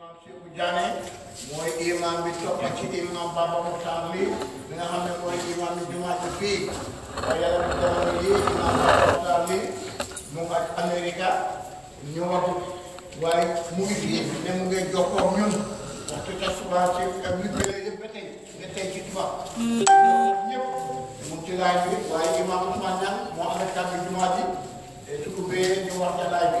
imam Cheikhou Diané mooy imam bi toppa ci imam Baba Moutar mi bi nga xam ne mooy imam bi jumaa ji fii waaye yàlla mu jamono yi imam Baba Moutar mu ngi ak Amérique ñu waaye mu ngi fii ne mu ngi jokkoo ñun waxtu ca suba ci ak ñu jëlee yëpp ba tey tey ci tubaab ñëpp mu ci laaj bi waaye imam Ousmane Niang moo am kàddu jumaa ji su ko bee wax ca laaj bi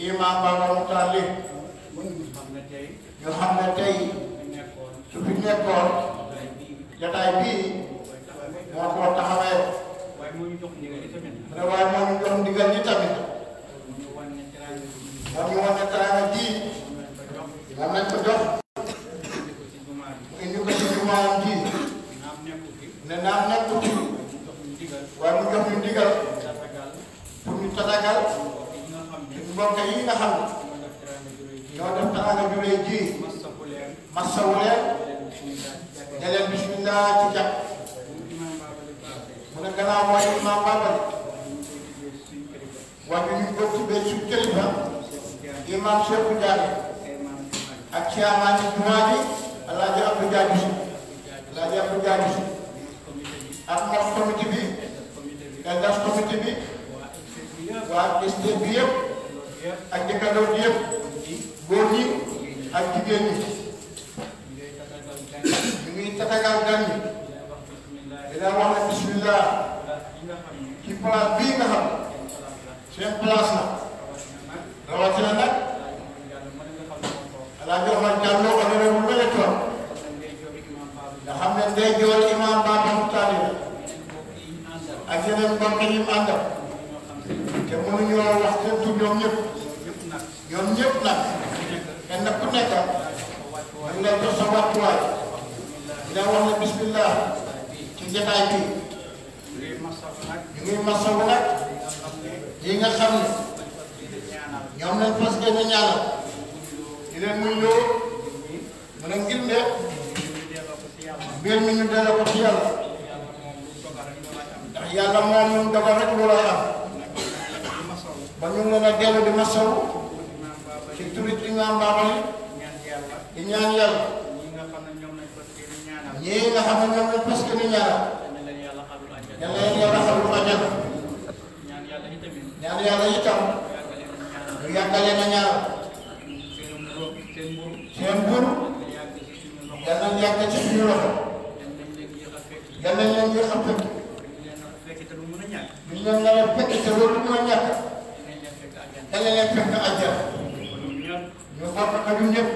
imam Baba Moukhtar Li nga xam ne tey su fi nekkoon jataay bii moo ko taxawee waaye moo ñu jox ndigal ni tamit moo ñu wan ne teraanga ji moom lañ ko jox indi ko ci jumaam ji ne naam nekku ci waaye mu jox ñu ndigal pour ñu tatagal mbokk yi nga xam ne ñoo def teraanga ju rëy ji masawu leen ne leen bismillah ci jàpp mu ne gannaaw mooy imaam Babal wax ñu ci benn suñu kilifa imaam Cheikhou Diagne ak caaman yi jumaa ji El Hadj Abdou Diagne si El Hadj Abdou Diagne si ak ndax comité bi nga ndax comité bi waa SDB yëpp. ak dëkkandoo bi yëpp góor ñi ak jigéen ñi ñu ngi tatagal gan ñi dinaa wax ne bismillah ci place bii nga xam seen place la rawatina nag alaa jox man jàlloo ko ne bu mel toog nga xam ne ndey joor imam Babou Talib ak yeneen mbokk yi mu àndal te mënuñoo wax seen tur ñoom ñëpp ñoom ñëpp nag kenn ku nekk ñu leen jox sa di leen wax ne bismillah ci jotaay bi ñu ngi masawu nag yi nga xam ne ñoom lañ fas gën a ñaanal di leen muy loo mën a ngir ne mbir mi ñu delloo ko ci yàlla ndax yàlla moom ñu rek ba ñu mën a dellu di masawu ci turu imaam nga xam ne ñoom lañ fas yéene ñaanal. nga xam ne ñoom lañ fas yéene ñaanal. leen yàlla xam xam lu àjjana. ñaan yàlla itam. ñaan yàlla itam. ñu na ñaanal. seen mburu. seen mburu. seen mburu. yal nañ yàgg ci leen yéex a fekk. a fekk ко мне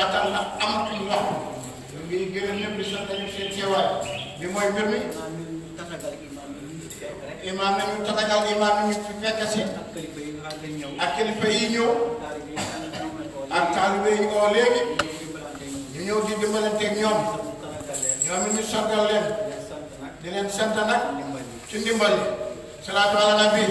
ba tax na amatuñ wax ñu ngi gërëm sant ñu seen ak kilifa yi ñëw ak taalibe yi oo léegi ñu ñëw di dimbalanteeg ñoom ñoom it sargal leen di leen nag ci ndimbal salaatu ala nabi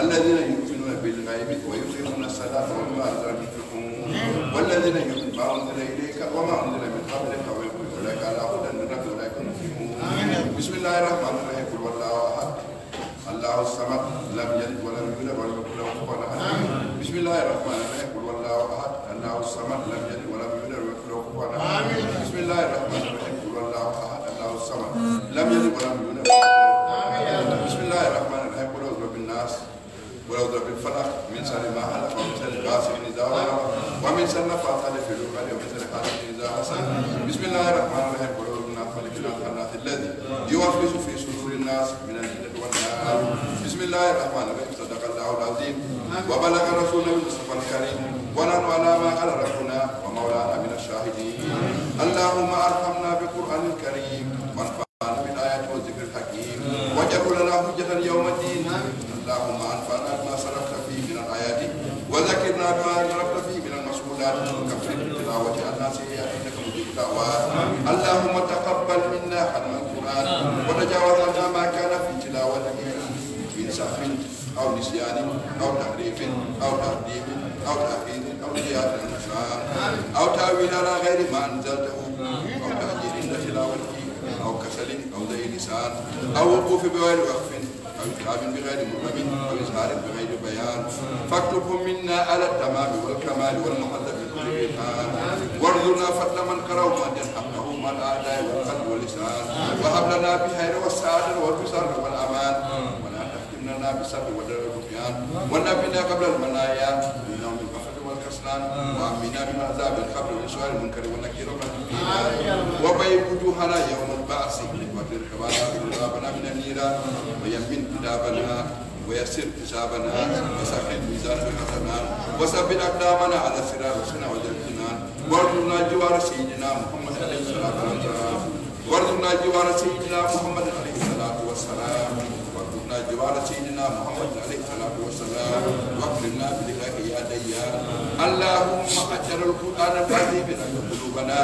الذين يؤمنون بالغيب ويقيمون الصلاة ومما أنزلهم والذين يؤمنون ما أنزل إليك وما أنزل من قبلك ويقول أولئك على هدى من ربك أولئك بسم الله الرحمن الرحيم قل والله أحد الله الصمد لم يلد ولم يولد ولم يكن له كفوا أحد بسم الله الرحمن الرحيم قل والله أحد الله الصمد لم يلد ولم يولد ولم يكن له كفوا أحد بسم الله الرحمن الرحيم قل والله أحد الله الصمد لم يلد ولم يولد ولم يكن له كفوا أحد ولو ذا بالفرق من سر ما حلق ومن سر غاسق إذا وقع ومن سر نفاثات في العقد ومن سر حاسد إذا حسد بسم الله الرحمن الرحيم قل أعوذ بالله ملك الناس الذي يوسوس في صدور الناس من الجنة والنار بسم الله الرحمن الرحيم صدق الله العظيم وبلغ رسول المصطفى الكريم ونحن على ما قال ربنا ومولانا من الشاهدين اللهم ارحمنا بالقرآن الكريم أو تأويل على غير ما أنزلته أو تأجيل عند والدين أو كسل أو ذي لسان أو وقوف بغير وقف أو كتاب بغير مبرم أو إظهار بغير بيان فاكتبهم منا على التمام والكمال والمحدث بالقرآن وارضنا فضل من كره من حقه ما الأعداء والقلب واللسان وهب لنا بخير والسعادة والبصر والأمان ولا تختمنا لنا بالشر والرجعان ونبنا قبل المنايا بنوم البحر والإسلام وعافنا من عذاب القبر والسؤال المنكر والنكير وبيض وجوهنا يوم البعث وترحمنا قلوبنا من النيران ويمن كتابنا ويسر حسابنا وسخر ميزان حسنا وثبت أقدامنا على صراط السنة والجنان وارزقنا جوار سيدنا محمد عليه الصلاة والسلام وارزقنا جوار سيدنا محمد عليه الصلاة والسلام وارزقنا جوار سيدنا محمد عليه الصلاة والسلام واكرمنا بلقائه يا ديان اللهم أجل القرآن العظيم لنا قلوبنا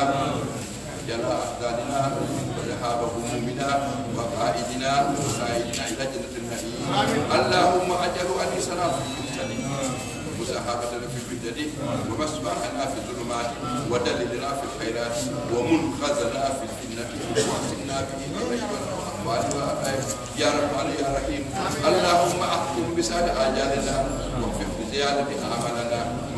جل أحزاننا وذهاب همومنا وقائدنا وسائلنا إلى جنة النعيم اللهم أجل أنيسنا في المرسلين وسحابتنا في البلدة ومسبحنا في الظلمات ودللنا في الخيرات ومنقذنا في الجنة واسقنا به قريبا يا رب يا رحيم اللهم احكم بسائر اجالنا وفق بزياده عملنا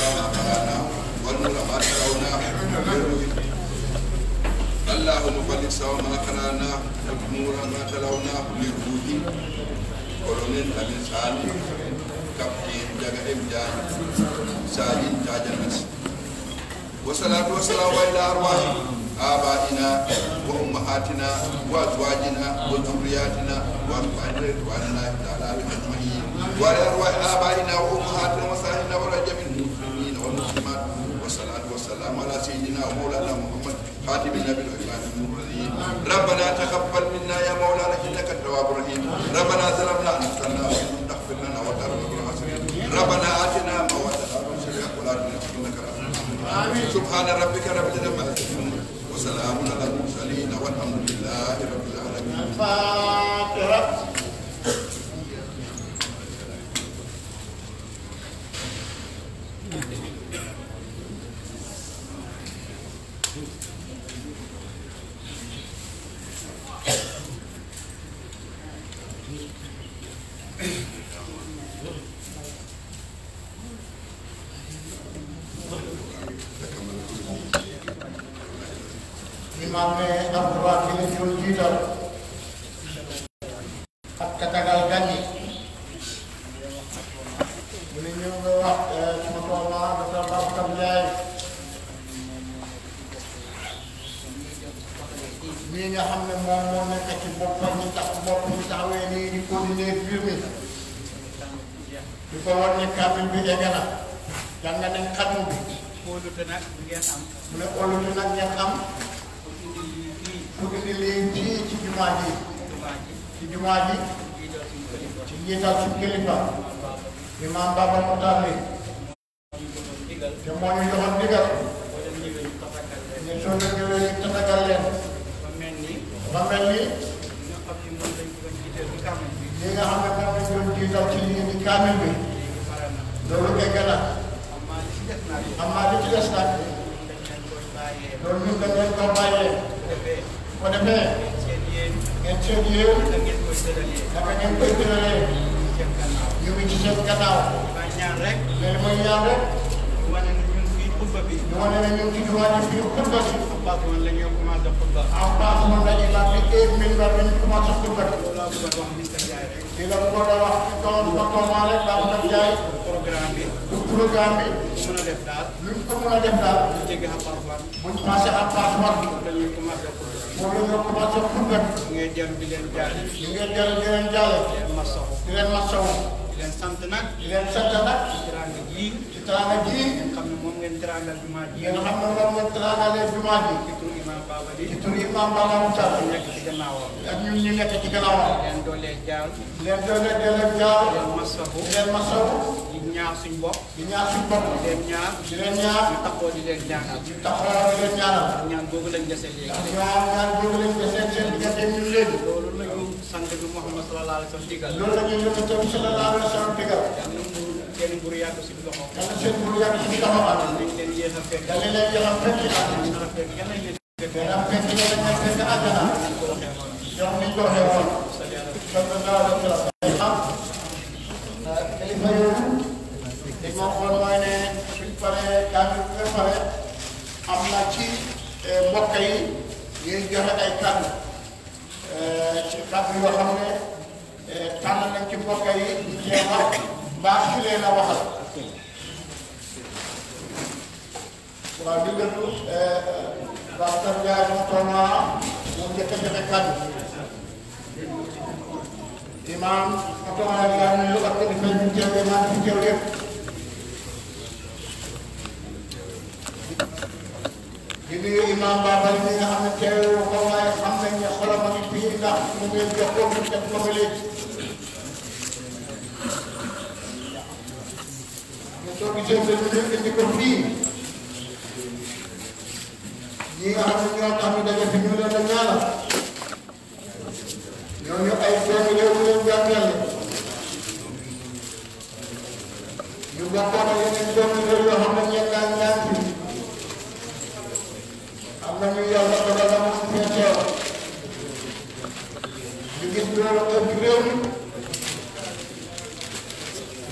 ترون فلا نرى والنور ما ترون اللهم فلك سوى ما قرانا نورا ما تلوناه للوجود ولمن من سالم كفين جمع امجان سالم تاج الناس والصلاة والسلام إلى أرواح آبائنا وأمهاتنا وأزواجنا وذرياتنا وأزواجنا وأنا تعالى أجمعين وعلى أرواح آبائنا وأمهاتنا وصاحبنا ورجمنا سيدنا ومولانا محمد خاتم النبي الإيمان المرسلين ربنا تقبل منا يا مولانا إنك التواب الرحيم ربنا ظلمنا أنفسنا وإن تغفر لنا وترحمنا بالعسرين ربنا آتنا ما وعدتنا ورسل ولا إنك آمين سبحان ربك رب العزة عما يصفون وسلام على المرسلين والحمد لله رب العالمين الفاتحة sallallahu alayhi wa sallam digal. loolu la ñuy yónni tam sallallahu alayhi wa sallam digal. seen mburu yàgg si loxo. yàlla seen mburu yàgg si loxo am. dañ leen yéex a fekk. dañ leen yéex a fekk yàlla leen fekk yàlla fekk yàlla leen fekk àjjana. ñoom ni ñu ko waxee woon. sallallahu alayhi wa sallam. kilifa yooyu li ma xool mooy ne suñ paree yaa ngi préparé am na ci mbokk yi ñuy joxe ay kàddu ci kàddu yoo xam ne tànn nañ ci mbokk yi ñu cee wax mbaa ki leen a waxal waaw eh, di déglu docteur Ndiaye moom tooma moom njëkk a ngi fii ndax mu ngi jox ko mu teg ko léegi soo gisee seen njëkk di ko fii ñi nga xam ne ñoo tax ñu daje fi yang leen a ñaanal ñooñu ay doomi réew mi leen jàngal ñu bokkoon ak yeneen doomi réew yoo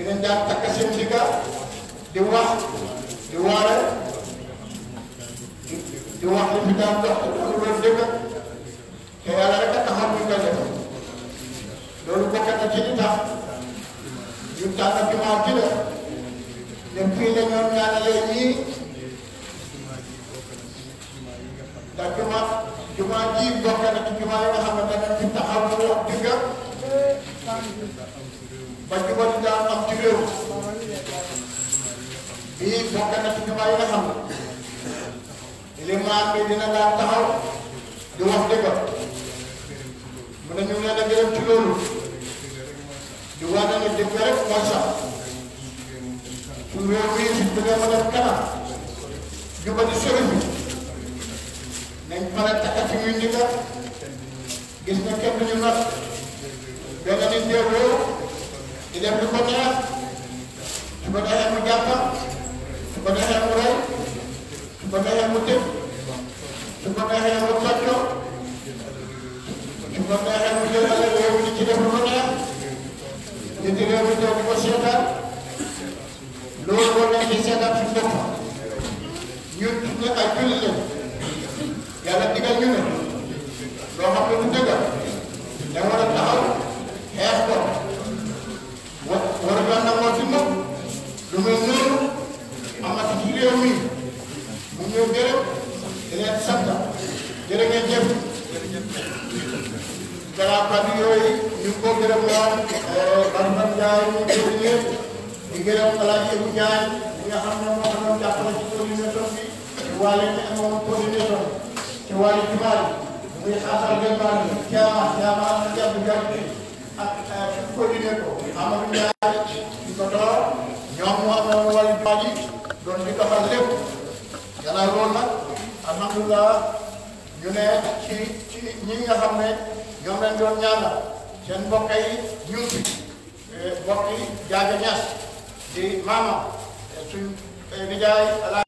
dinañ daan takk seen digga di wax di waare di wax li fi daan dox lu doon dëgg te yàlla rek a taxaw ñu koy loolu bokk na ci tax ñun tànn jumaa ji la ne fii la jumaa jumaa ji bokk na ci jumaa taxaw ñu wax dëgg bagi ñu jangan jaar Ini ci réew kembali bokk na lima jumaa di wax dëgg mu ne ñu leen a gërëm ci loolu di wane ne dëgg rek mooy sax suñ réew dia si Ini yang berikutnya Kepada yang menjabat Kepada yang murai Kepada yang mutif Kepada yang bercocok Kepada yang menjaga Yang menjadi tidak berikutnya Yang tidak berikutnya dikosiakan Lalu boleh disiakan sistem Yudhnya ajulnya Yang ada tiga unit Rohan pun juga Yang orang tahu Airport war nga nangoo ci moom lu mel noonu mi mu ñëw gërëm di leen sant jërë ngeen jëf garaakat yooyu ñu ko gërëm lool Bambam di gërëm Alaaji Ibu Ndiaye mi nga xam ne moo doon jàppale ci coordinateur bi ci wàllu ñi amoon coordinateur ci wàllu jumaa bi muy jëlee ko Amadou Ndiaye di ko door ñoom moo amoon wàllu baa ji doon di ñu ne ci ci ñi nga xam ne ñoom lañ doon ñaanal seen mbokk yi ñu ngi fi mbokk yi jaaga ñaas di maama suñ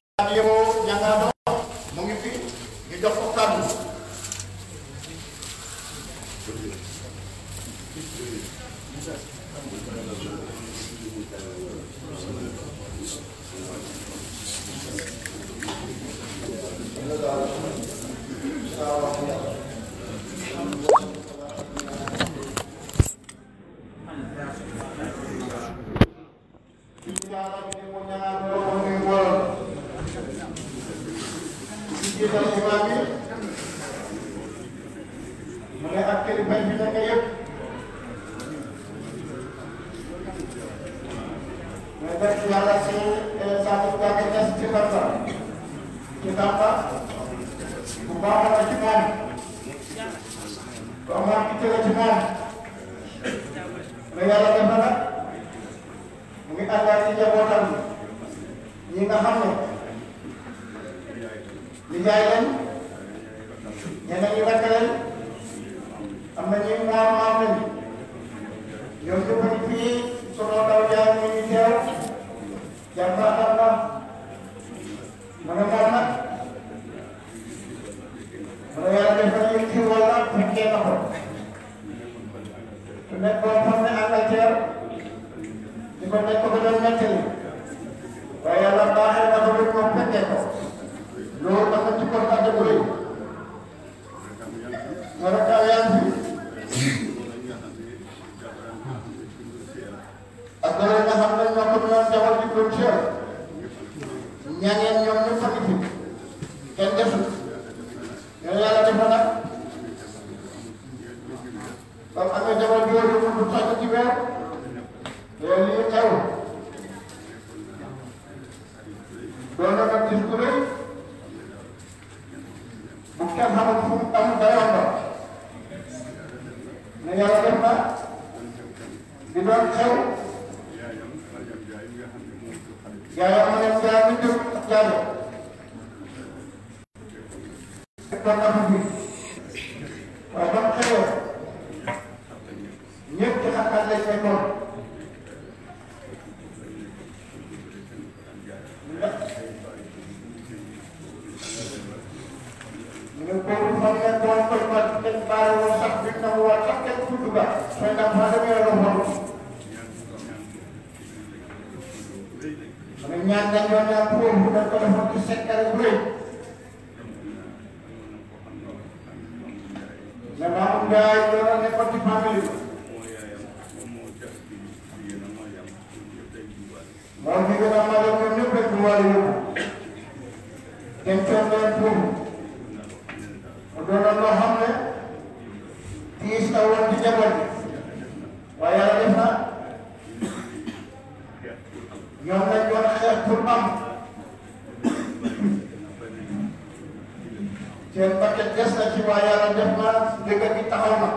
des na ci waa yàlla def na dëgg gi taxaw na.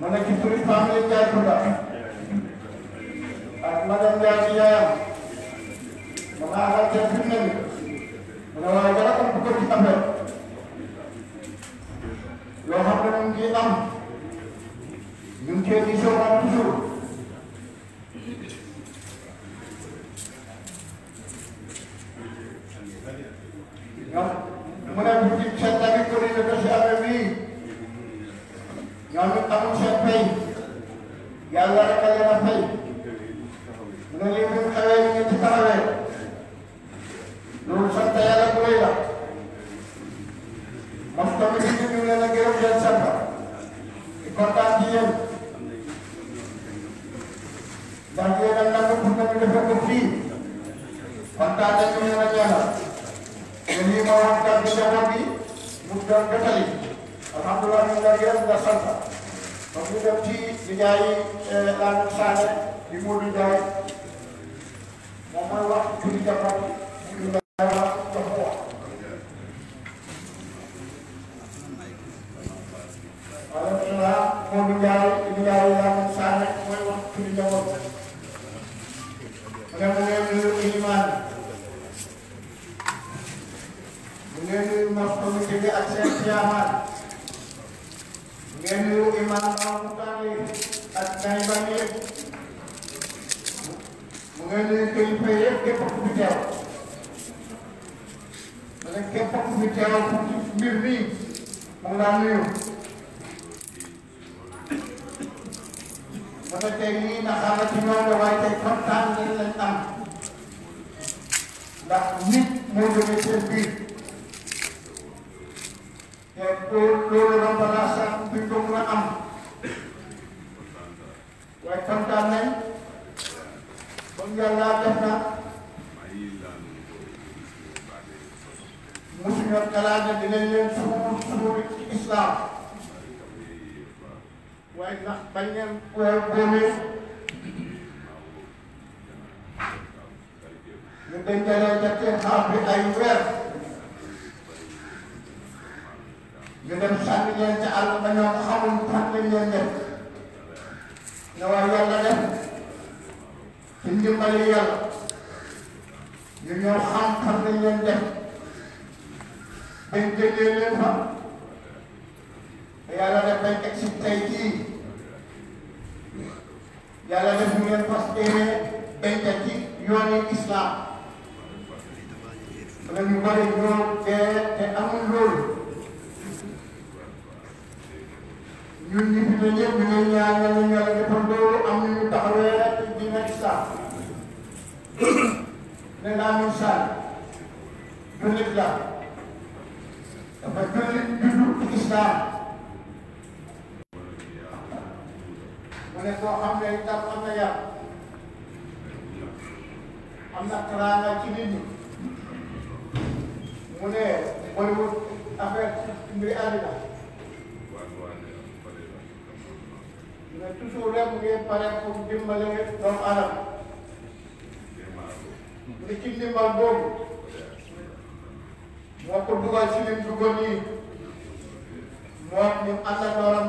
ma ne ci turi famille Ndiaye Kounda ak madame Ndiaye ci yaayam ma nga xamante ne ah, fi mu ne nii ma ne waaye dara am ko ci affaire loo xam ne moom ngi am ñu ngi cee di soxla toujours. munafiki mshatani kuri na tashabi yanu tamu shapai yalara kale na pai munali mun kare ni tikare लोग सब तैयार करेगा मफ्ता में किसी दिन लगे हो जैसा था इकट्ठा किए बाकी अगर ना कुछ ना कुछ कुछ ही पंता देखने लगे ना Ini melakukan kejawabi mudah kembali. Alhamdulillah mudah dia mudah sangka. Kemudian di dijai lalu sana di mudah jai. Mama waktu di jawabi mudah ne koo ne itam am na yar am na teraanga ci nit ñi mu ne booy wut affaire ci mbiri àddina ne toujours rek mu ngi pare pour dimbale doomu aadama li ci ndimbal boobu moo ko dugal ci lim dugal yi moo ñu àndandooram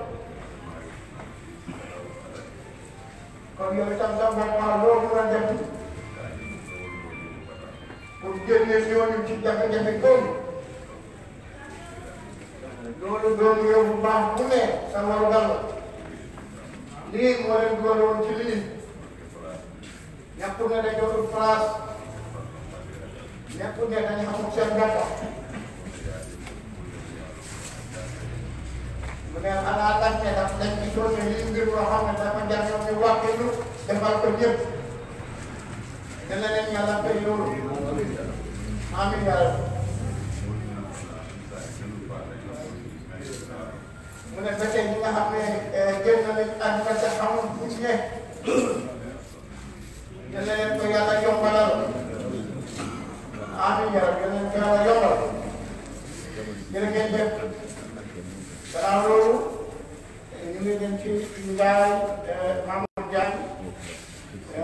kon yow itam sax nga xam loo mën a def pour génne ñooñu ci jafe-jafe boobu loolu doon réew bu baax bu ne sa warugal la lii moo leen dugaloon ci lii ñàkkul ne dañoo dul place ñàkkul ne dañu xamul seen bopp mu ne xanaa lan ne ndax dañ ñu toll nii mbir boo xam ne dafa jar ñoom ñu wàcceelu defal ne la leen yàlla fay loolu amiin yàlla mu ne ba tey ñi nga xam ne génn nañ ak ba ca xamul bu ci ne ne la leen ko yàlla yombalal amiin yàlla ne leen ko yàlla yombal gannaaw loolu ñu ngi dem ci Ndiaye eh, Mamadou Ndiaye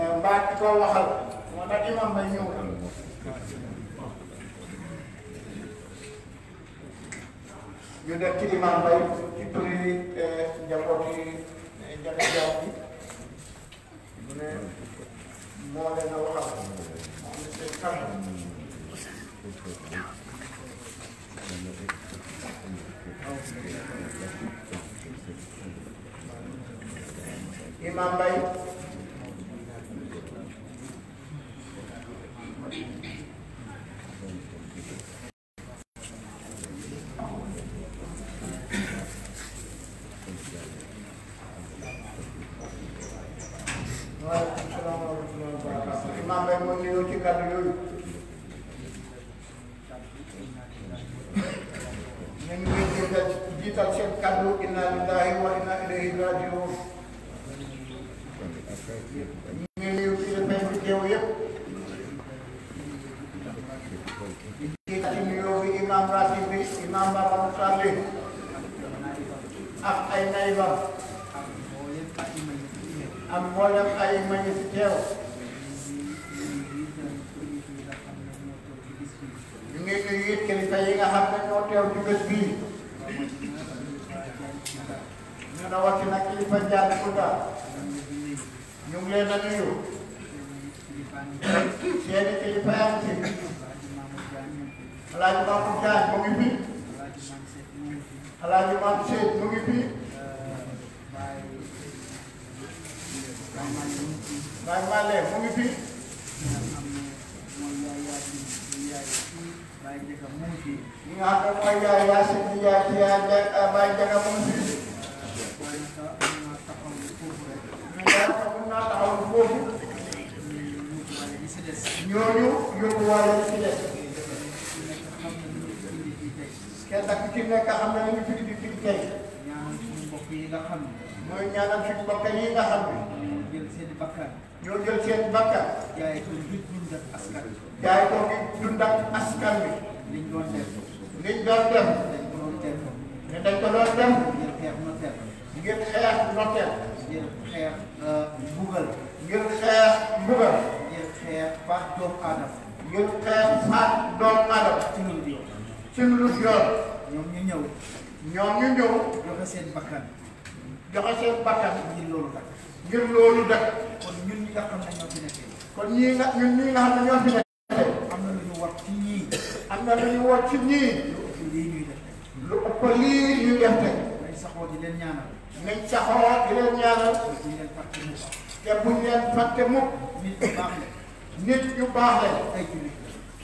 eh, mbaa ki ko waxal moo tax imam bay ñëw la ñu def ci imam bay ci turi eh, njabooti Ndiaga Diaw bi moo leen a waxal moom la seen kanam ઇમામભાઈ ઇમામભાઈ મોટી ઓછી કાઢી જોયું ترشد قالوا إنا لله وإنا إليه راجعون imam ratib bi imam baram salih ak ay nayba am mboolem ay mañu fi teew ñu ngi nuyu it kilifa yi ñu rawatina kilifa Dianékouta ñu ngi leen a nuyu seeni kilifa yaa ngi fi Alaaji Mamour Diagne mu ngi fi Male mu Baye Ndiaga moo fi. li nga xam ne mooy yaay yaa sëñ bi yaa kii yaa Ndiaga Baye Ndiaga moo fi. waaye sax mën naa taxaw foofu rek. mais daanaka mën naa taxaw foofu. ñooñu yóbbuwaale yi ci des. kenn nag ki nekk xam na li ñu fi di fi tey. ñaanal suñu mbokk yi nga xam ne. mooy ñaanal suñu mbokk yi nga xam ne. ñoo jël seen bakkan. ñoo jël seen bakkan. jaay ko njëkk askan gars yi ko fi dundal askan wi. liñ doon def. liñ doon def. mais dañ ko doon def. ngir xeex notel. ngir xeex notel. ngir xeex uh, mbugal. ngir xeex mbugal. ngir xeex faat doomu aadama. ngir xeex faat doomu aadama. ci lu dul yoon. ci lu dul yoon. ñoom ñu ñëw. ñoom ñu ñëw. joxe seen bakkan. joxe seen bakkan. ngir loolu dakk. ngir loolu dakk. kon ñun ñi nga xam ne ñoo fi nekkee. kon ñii nga ñun ñii nga xam ne ñoo fi nekkee. war ci ñii. am na lu ñu war ci ñii. lu ëpp lii ñuy def tey. lu ëpp lii ñuy def tey. nañ saxoo di leen ñaanal. nañ saxoo di leen ñaanal. te buñ leen fàtte mukk. te buñ leen fàtte mukk. nit yu baax la. nit yu baax la. ay jullit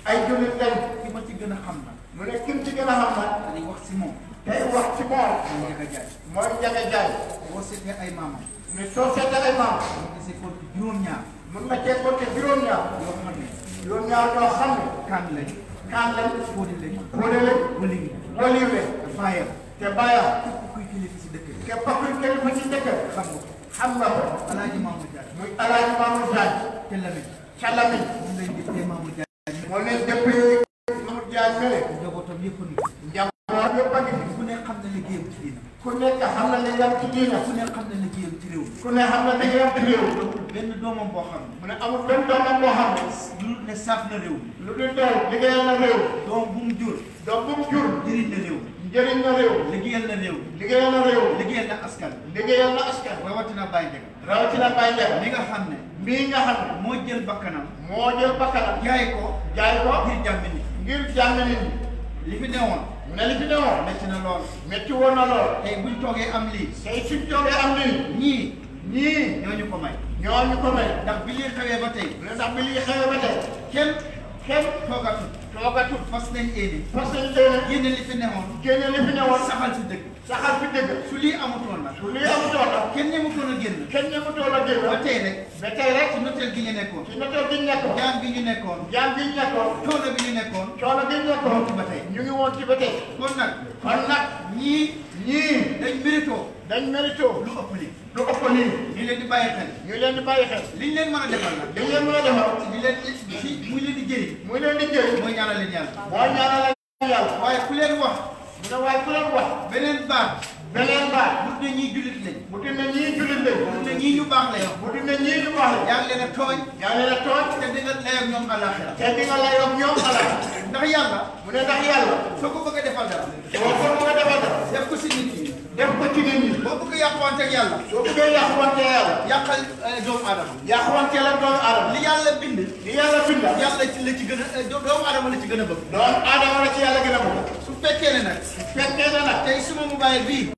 la. ay jullit lañ. ki ma ci gën a xam nag. mu ne ki mu ci gën a xam nag. dañuy wax si moom. tey wax ci moom. mooy Njaga Jaay. mooy Njaga Jaay. boo seetee ay maamam. mais soo seetee ay maamam. mën nga see compte juróom-ñaar. mën nga see compte juróom-ñaar. yoo xam ne. yoon ñaar ñoo xam ne. kan lañ. kan lañ. fóode lañ. fóode lañ. wali wi. wali wi. te bàyyam. te bàyyam. képp kuy kilifa ci dëkk bi. képp kuy kilifa ci dëkk bi. xam nga xam nga ko. alaaji muy alaaji Mamadou Diagne. ca Lamine. ca Lamine. moom lañ déppee Mamadou Diagne. moo leen déppee Mamadou Diagne mele. a ngi. njabootam yëpp a ngi. ne xam na liggéeyam ci ku nekk xam na li nga am ku nekk xam na li nga am ci réew mi ku nekk xam na li nga am ci réew mi benn doomam boo xam ne mu ne benn doomam boo xam lu réew mi lu dul réew liggéeyal na réew doom bu mu jur doom bu mu jur njëriñ na réew njëriñ na réew liggéeyal na réew liggéeyal na réew liggéeyal na askan liggéeyal na askan rawatina Baye Ndiaga rawatina Baye nga xam ne mbii nga xam moo jël bakkanam moo jël bakkanam jaay ko jaay ko ngir jàmm nit ngir jàmm nit li fi newoon mu ne li fi newoon. métti na lool. métti woon na lool. tey buñ toogee am lii. tey suñ toogee am lii. ñii. ñii ñooñu ko ñooñu ko may. ndax bi lii xewee ba tey. ndax bi lii ba tey. kenn. kenn toogatul toogatul fas nañ yéene fas nañ yéene génne li fi newoon génne li fi newoon saxal si dëgg saxal si dëgg su lii amutoon la su lii amutoon la kenn ñemutoon a génn kenn ñemutoon a génn ba tey rek ba tey rek ci noteel gi ñu nekkoon ci noteel gi ñu nekkoon jaam gi ñu nekkoon jaam gi ñu nekkoon coono bi ñu nekkoon coono bi ñu nekkoon ci ba tey ñu ngi woon ci ba tey kon nag kon nag ñii ñii. dañ mérito. dañ mérito. lu ëpp lii. lu ëpp lii. ñu leen di bàyyi xel. ñu leen di bàyyi xel. liñ leen mën a defal nag. liñ leen mën a defal. ñu leen di si muy leen di jëriñ. muy leen di jëriñ. mooy ñaanal leen yàlla. waaw ñaanal leen yàlla. waaye ku leen wax. nga waaye ku leen wax. beneen baat. beneen baat mu tudd ñii jullit lañ mu tudd ñii jullit lañ mu tudd ñii ñu baax lañ mu tudd ñii ñu baax lañ yaa ngi leen a tooñ yaa ngi leen a tooñ te di nga layoog ñoom alaxira te di nga layoog ñoom alaxira ndax yàlla mu ne ndax yàlla soo ko bëgg a defal dara soo ko bëgg a defal dara def ko si nit ñi def ko ci nit ñi boo bëgg yàqwante ak yàlla soo bëggee yàqwante yàlla yàqal eh, doomu adama yàqwante la doomu adama li yàlla bind li yàlla bind yàlla ci la ci gën a eh, doomu adama la ci gën a bëgg doomu adama la ci yàlla gën a bëgg su fekkee ne nag su fekkee ne nag tey suma mobile bii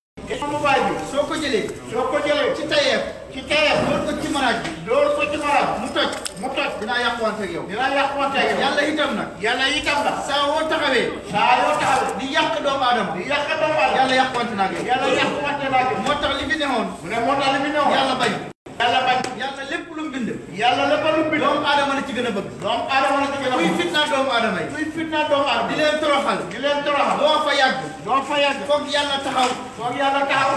cupaay bi soo ko jëlee soo ko jëlee ci tayeef ci tayeef loolu ko ci maraaj bi loolu ko ci maraaj mu toj mu toj dinaa yàqwante ak yow dinaa yàqwante ak yow yàlla itam nag yàlla itam nag saa woo taxawee saa yoo taxawee di yàq doomu aadama di yàq doomu aadama yàlla yàqwante naa ak yow yàlla yàqwante naa ak yow tax li fi newoon mu tax li fi newoon yàlla bañ bañ yàlla lépp yàlla la balu bi doomu aadama la ci gën a bëgg doomu aadama la ci gën a bëgg kuy fitna doomu aadama yi kuy fitna dom aadama di leen toroxal di leen toroxal doo fa yàgg doo fa yàgg foog yàlla taxaw foog yàlla taxaw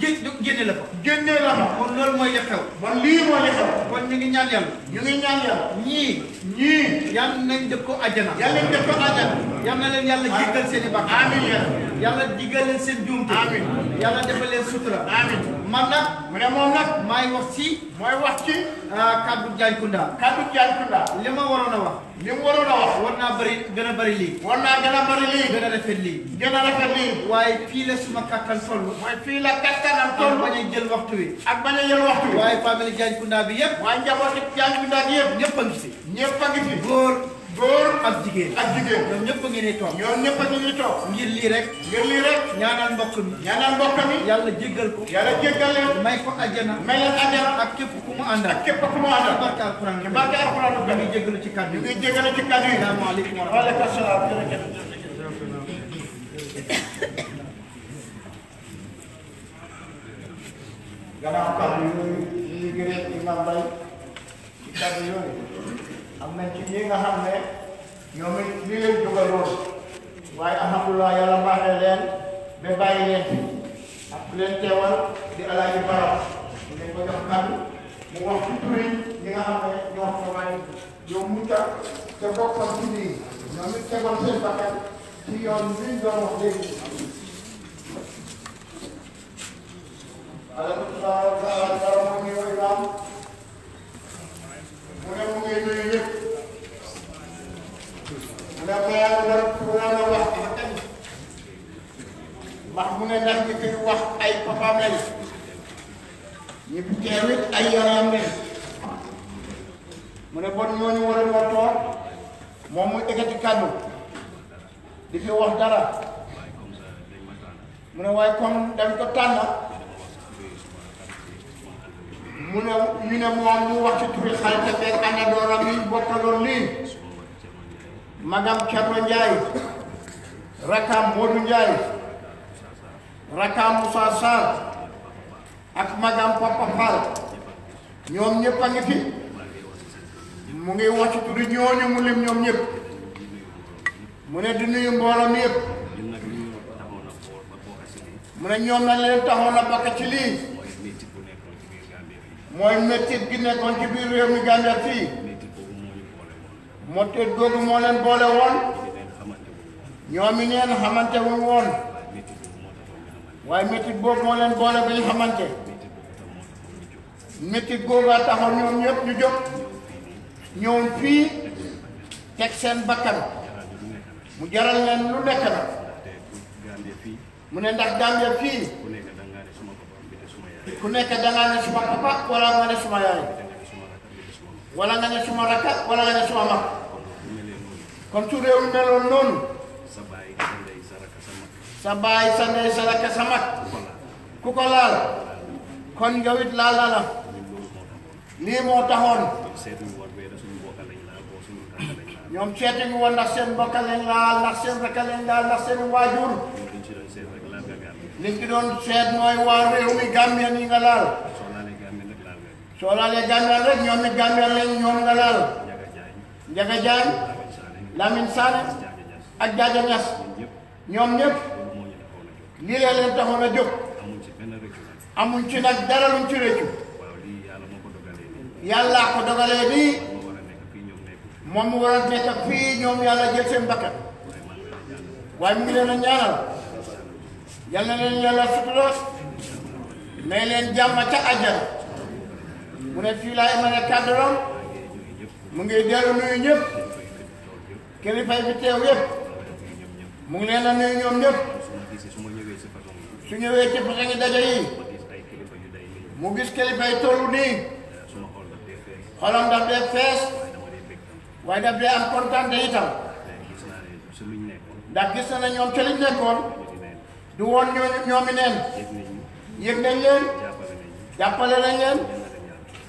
génne la ko génne la ko kon yang mooy li xew bon lii mooy li xew kon ñu ngi ñaan yàlla ñu ngi ñaan yàlla ñii ñii yàlla nañ dëkk ko àjjana yàlla nañ dëkk ko àjjana yàlla na leen yàlla jéggal seen i bàkkaar amiin yàlla leen seen juumte amiin yàlla defal leen sutura amiin man nag mu ne moom nag maay wax ci mooy wax ci ah, kaddu Dianekounda kaddu Dianekounda li ma waroon a wax li mu a wax war naa bëri gën a bëri a bëri a rafet a waaye fii la suma kattan toll mooy fii la kattanam toll ak bañ a jël waxtu wi a waaye famille Dianekounda bi waaye njabooti Dianekounda bi yëpp ñëpp a ngi si ñëpp a góor ak jigéen ak jigéen ñoom ñëpp a ngi ne toog ñoom ñëpp a ngi ne toog ngir lii rek ngir lii rek ñaanal mbokk mi ñaanal mbokk mi yàlla jéggal ko yàlla jéggal leen may ko ajjana may leen ajjana ak képp ku mu àndal ak képp ku mu àndal barke alquran bi barke alquran bi ngi jéggalu ci kàddu yi ngi jéggalu ci kàddu yi salaamaaleykum wa rahmatulah gannaaw kàddu yooyu ñu ngi gërëm imam Mbaye ci kàddu yooyu am nañ ci ñi nga xam ne ñoom it lii leen dugaloon waaye alhamdulilah yàlla baaxee leen ba bàyyi leen ak leen teewal di alaaji baram ñu leen ko jox kàddu mu wax ci turi ñi nga xam ne ñoo xam ne yow mu ca te bokkam ci ñoom it tegoon seen bakkan ci yoon bi doon wax léegi alhamdulilah mu ne mu a wax ndax mu wax ay papa mel ñi fi ay yaram mel mu ne bon ñooñu war a war moom mu ekkati kàddu di fi wax dara mu ne waaye comme dañ ko mu ne ñu ne moom mu wax ci turi xarit beeg ana dooram yi bokkaloon lii magam Cerno Njaay rakam Moodu Njaay rakam Moussa Sarr ak magam Papa Fall ñoom ñëpp a ngi fi mu ngi wax turi ñooñu mu lim ñoom ñëpp mu ne di nuyu mbooloo mi mu ne ñoom nañ leen taxoon a bakk ci lii mooy métit gi nekkoon ci biir réew mi gànnaar fii métit googu moo leen boole woon ñoom yi neen xamante wuñ woon waaye métit boobu moo leen boole ba ñu xamante métit googu a taxoon ñoom ñëpp ñu jóg ñëwoon fii teg seen bakkan mu jaral leen lu nekk na mu ne ndax Gambie fii ku nekk dangaa ne suma papa wala nga ne suma yaay wala nga ne suma rakka wala nga ne kon su réew mi meloon noonu sa baay sa ndey sa rakka sa mag sa baay sa ndey sa rakka sa mag ku ko laal kon yow it laal na la lii moo taxoon ñoom seetuñu woon ndax seen mbokk lañ laal ndax li ñu ci doon seet mooy waa réew mi Gambien yi nga laal. soo laalee Gambien rek ñoom it Gambien lañ ñoom nga laal. Njaga Jaañ Lamin Saane ak Jaaja Ñas ñoom ñëpp lii la leen taxoon a jóg amuñ ci nag dara luñ ci rëccu yàlla ko dogalee nii moom mu war a nekk fii ñoom yàlla jël seen bakkat waaye mu ngi leen a ñaanal yal na leen yàlla suturaas may leen jàmm ca àjjana mu ne fii laay mën a kàddulam mu ngi dellu nuyu ñëpp kilifa yi teew yëpp mu ngi leen a nuyu ñoom ñëpp su ñëwee ci façon yi daje yi mu gis kilifa yi tollu nii xolam daf dee fees waaye daf dee am kontaan itam ndax gis na ne ñoom ca nekkoon du woon ñoo ñoomi neen yëg nañ leen jàppale nañ leen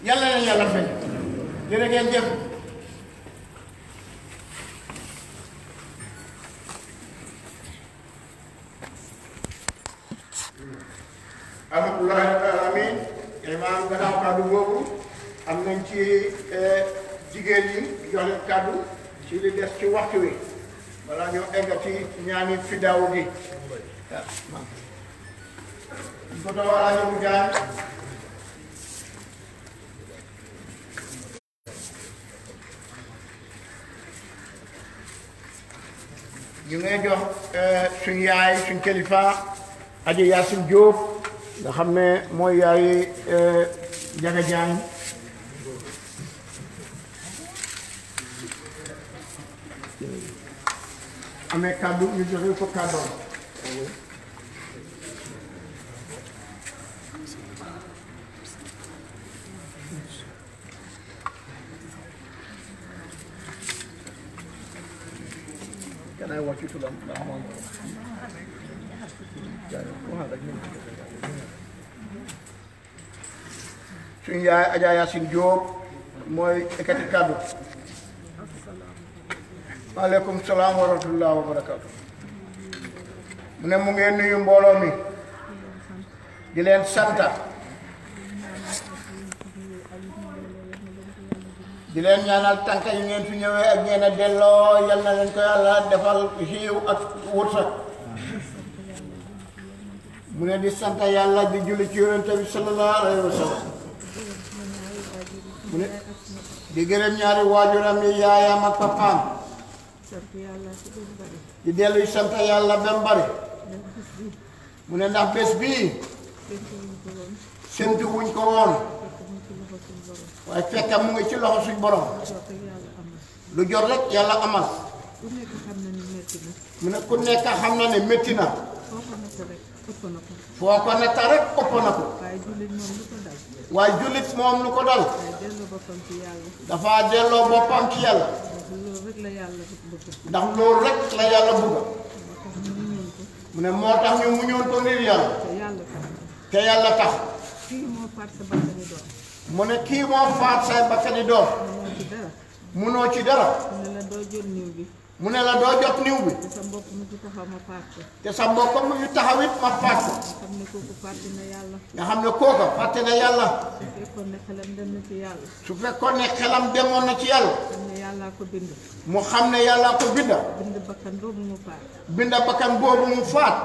yàlla nañ yàlla fay jërë ngeen jëf alhamdulilahi rabbil alamin imaam am nañ ci eh, jigéen yi jox kàddu ci li des ci waxtu wi balaa ñoo egg ci ñaani fidaawu gi li wala ñoom gaan ñu ngay jox suñ yaay suñ kilifa aji Yaasin Jóob nga xam ne mooy yaay Njaga amee kàddu ñu joxe ko kàddoom Can I watch you to London? suñ yaay aja ya Diop job ekkati kàddu. maaleykum salaam wa rahmatulah wa mune mu ngeen nuyu mbolo mi di len santa di len ñaanal tanka yi ngeen fi ñewé ak ngeen a delloo yal na len ko yalla defal xiyu ak wursa mune di santa yalla di julli ci yoonte bi sallallahu alaihi wasallam mune di gërëm ñaari wajuram yi yaayam ak papaam di delu santa yalla ba bari mu ne ndax bés bii séntu wuñ ko woon waaye fekk mu ngi ci loxo suñ borom lu jot rek yàlla amal mu ne ku nekk xam na ne métti na foo ko natt rek ëpp na ko waaye jullit moom lu ko dal dafa delloo boppam ci yàlla ndax loolu rek la yàlla bëgg. mu ne moo tax ñu muñoon ko ngir yàlla. te yàlla tax. te yàlla tax. kii moo faat sa bakkani doom. mu ne kii moo faat say bakkani doom. munoo ci ci dara. mu ne la doo jël niiw bi. mu ne la doo jot niw bi. te sa mbokk mi fi taxaw ma faat ko. te sa mbokk mi fi taxaw it ma faat ko. xam nga xam ne kooka fàtte na yàlla. su fekkoon ne xelam dem na ci yàlla. su fekkoon ne xelam demoon na ci yàlla. xam ne yàllaa ko bind. mu xam ne yàllaa ko bind. bind bakkan boobu mu faat. bind bakkan boobu mu faat.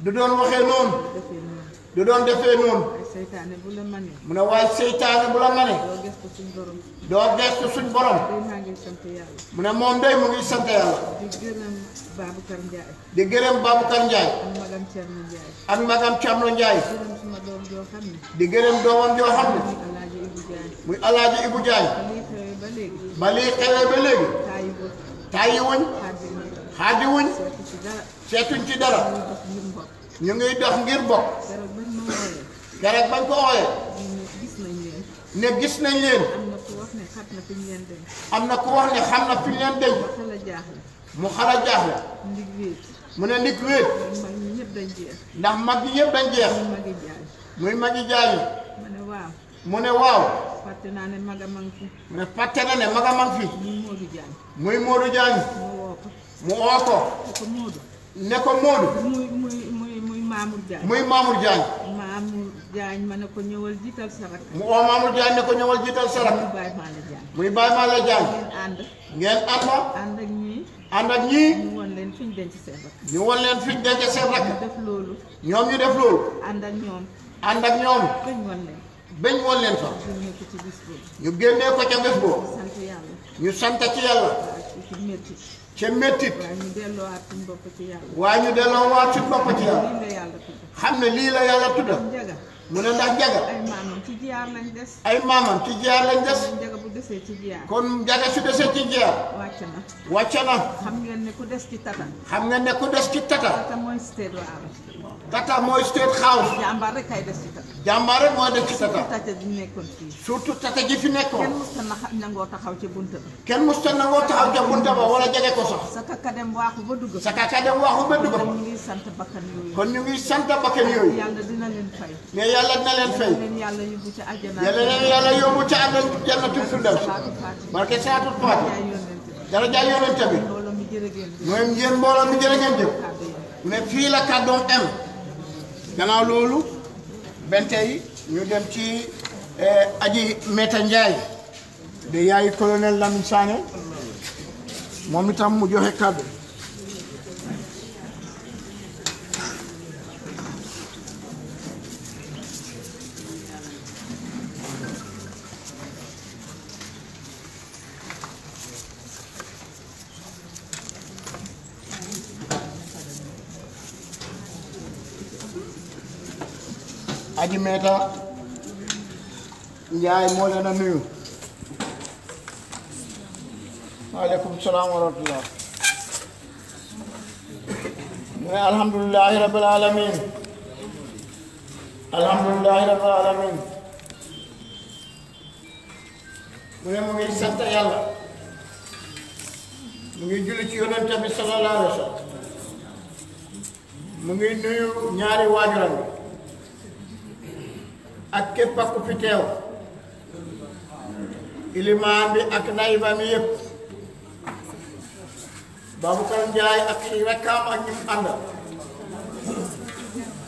du doon waxee noonu. du doon defee noonu. seytaane bu la manee. mu ne waaye seytaane bu la manee. doo gestu suñ borom. doo gestu suñ borom. mu ne moom day mu ngi sant yàlla. di gërëm Babacar Ndiaye. di gërëm Babacar Ndiaye. ak magam Thierno Ndiaye. ak magam Thierno Ndiaye. di gërëm doomam joo xam ne. muy El Hadj Ibou Diagne. ba lii xewee ba léegi. taayi wuñ. xaaji wuñ. seetuñ ci dara. ñu ngi dox ngir bokk. keroog bañ ko ooyee. gis nañ leen. ne gis nañ leen. am na ku wax ne xam na fi ñu leen denc. am na ku ne xam na fi ñu leen denc. mu xala mu xala jaaxle. ndig wéet. mu ne ndig wéet. mag ñi ñëpp ndax mag ñi yëpp dañ jeex. muy magi jaay. mu ne waaw. mu ne waaw. naa ne maga mang man mu ne fàtte na ne maga mang fi. muy Modou Diagne. muy Modou Diagne. mu woo ko. mu woo ko. ne ko Modou. ne ko Modou. muy muy muy muy Mamour Diagne. Diagne ma ne ko ñëwal jiital sarak. mu oo Mamadou ne ko ñëwal jiital sarak. muy Baye Mala Diagne. muy Baye Mala Diagne. ngeen ànd. ngeen ànd. ànd ak ñii. ànd ak ñii. ñu won leen fi ñu denc seen rakk. ñu won leen fi ñu denc seen rakk. ñu def ak ñoom. ànd ak ñoom. bañ won leen. bañ won leen fa. génnee ko ca bés boobu. sant yàlla. ñu sant ci yàlla. ci métti. ca méttit waaye ñu delloowaat suñu bopp ci yàlla. waaye ñu delloowaat suñu bopp ci yàlla. xam ne lii la yàlla tudda. mu ne ndax jaga. ay maamam ci jiyaar lañ des. ay maamam ci jiyaar lañ des. kon jaga bu desee ci jiyaar. kon jaga su desee ci jiyaar. wacce na. wàcc na. xam ngeen ne ku des ci tata. xam ngeen ne ku des ci tata. tata mooy state tata mooy state house. jàmbaar rek kay def ci tata. jàmbaar rek mooy def ci tata. surtout tata ji nekkoon fii. surtout tata ji fi nekkoon. kenn musta nangoo taxaw ca bunta ba. kenn musta nangoo taxaw ca bunta ba wala jege ko sax. sa kaka dem waaxu ba dugg. sa kaka dem waaxu ba dugg. kon ñu ngi sant bakkan yooyu. kon ñu ngi sant bakkan yooyu. yàlla dina leen fay. mais yàlla dina leen fay. yàlla leen yàlla yóbbu ca àjjana. yàlla leen yàlla yóbbu ca àjjana jannatul firdaws. barke Salaatul Faatiha. dara jaay yonente bi. mbooloo mi jërë ngeen jëf. mu ne fii la kàddoom am gannaaw loolu bente yi ñu dem ci eh, aji Meta Ndiaye de yaayu colonel Lamine Sané moom itam mu joxe kàddu Meeta Njaay moo leen a nuyu maaleykum salaam wa rahmatullah mooy alhamdulilahi rabbil alamin alhamdulilahi rabbil alamin mu ne mu ngi sant yàlla mu ngi julli ci yonent bi sallallahu alayhi wa nuyu ñaari waajuram ak képp ak ku fi teew ilimaan bi ak nayba mi yëpp Babacar Ndiaye ak i rakkaam ak ñi ànd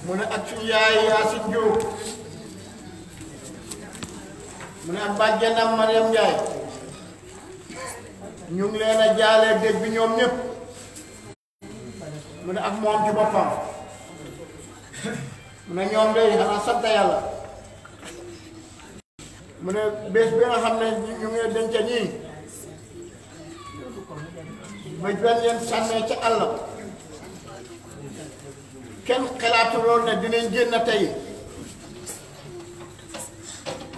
mu ne ak suñu yaay Yacine Diouf mu ne ak bàjjenam Mariam Ndiaye ñu ngi leen a jaale dëj bi ñoom ñëpp mu ne ak moom ci boppam mu ne ñoom day xanaa sant yàlla mu ne bés bi xam ne ñu ngi denc ñii ba benn sànnee ca àll kenn xalaatuloon ne dinañ génn tey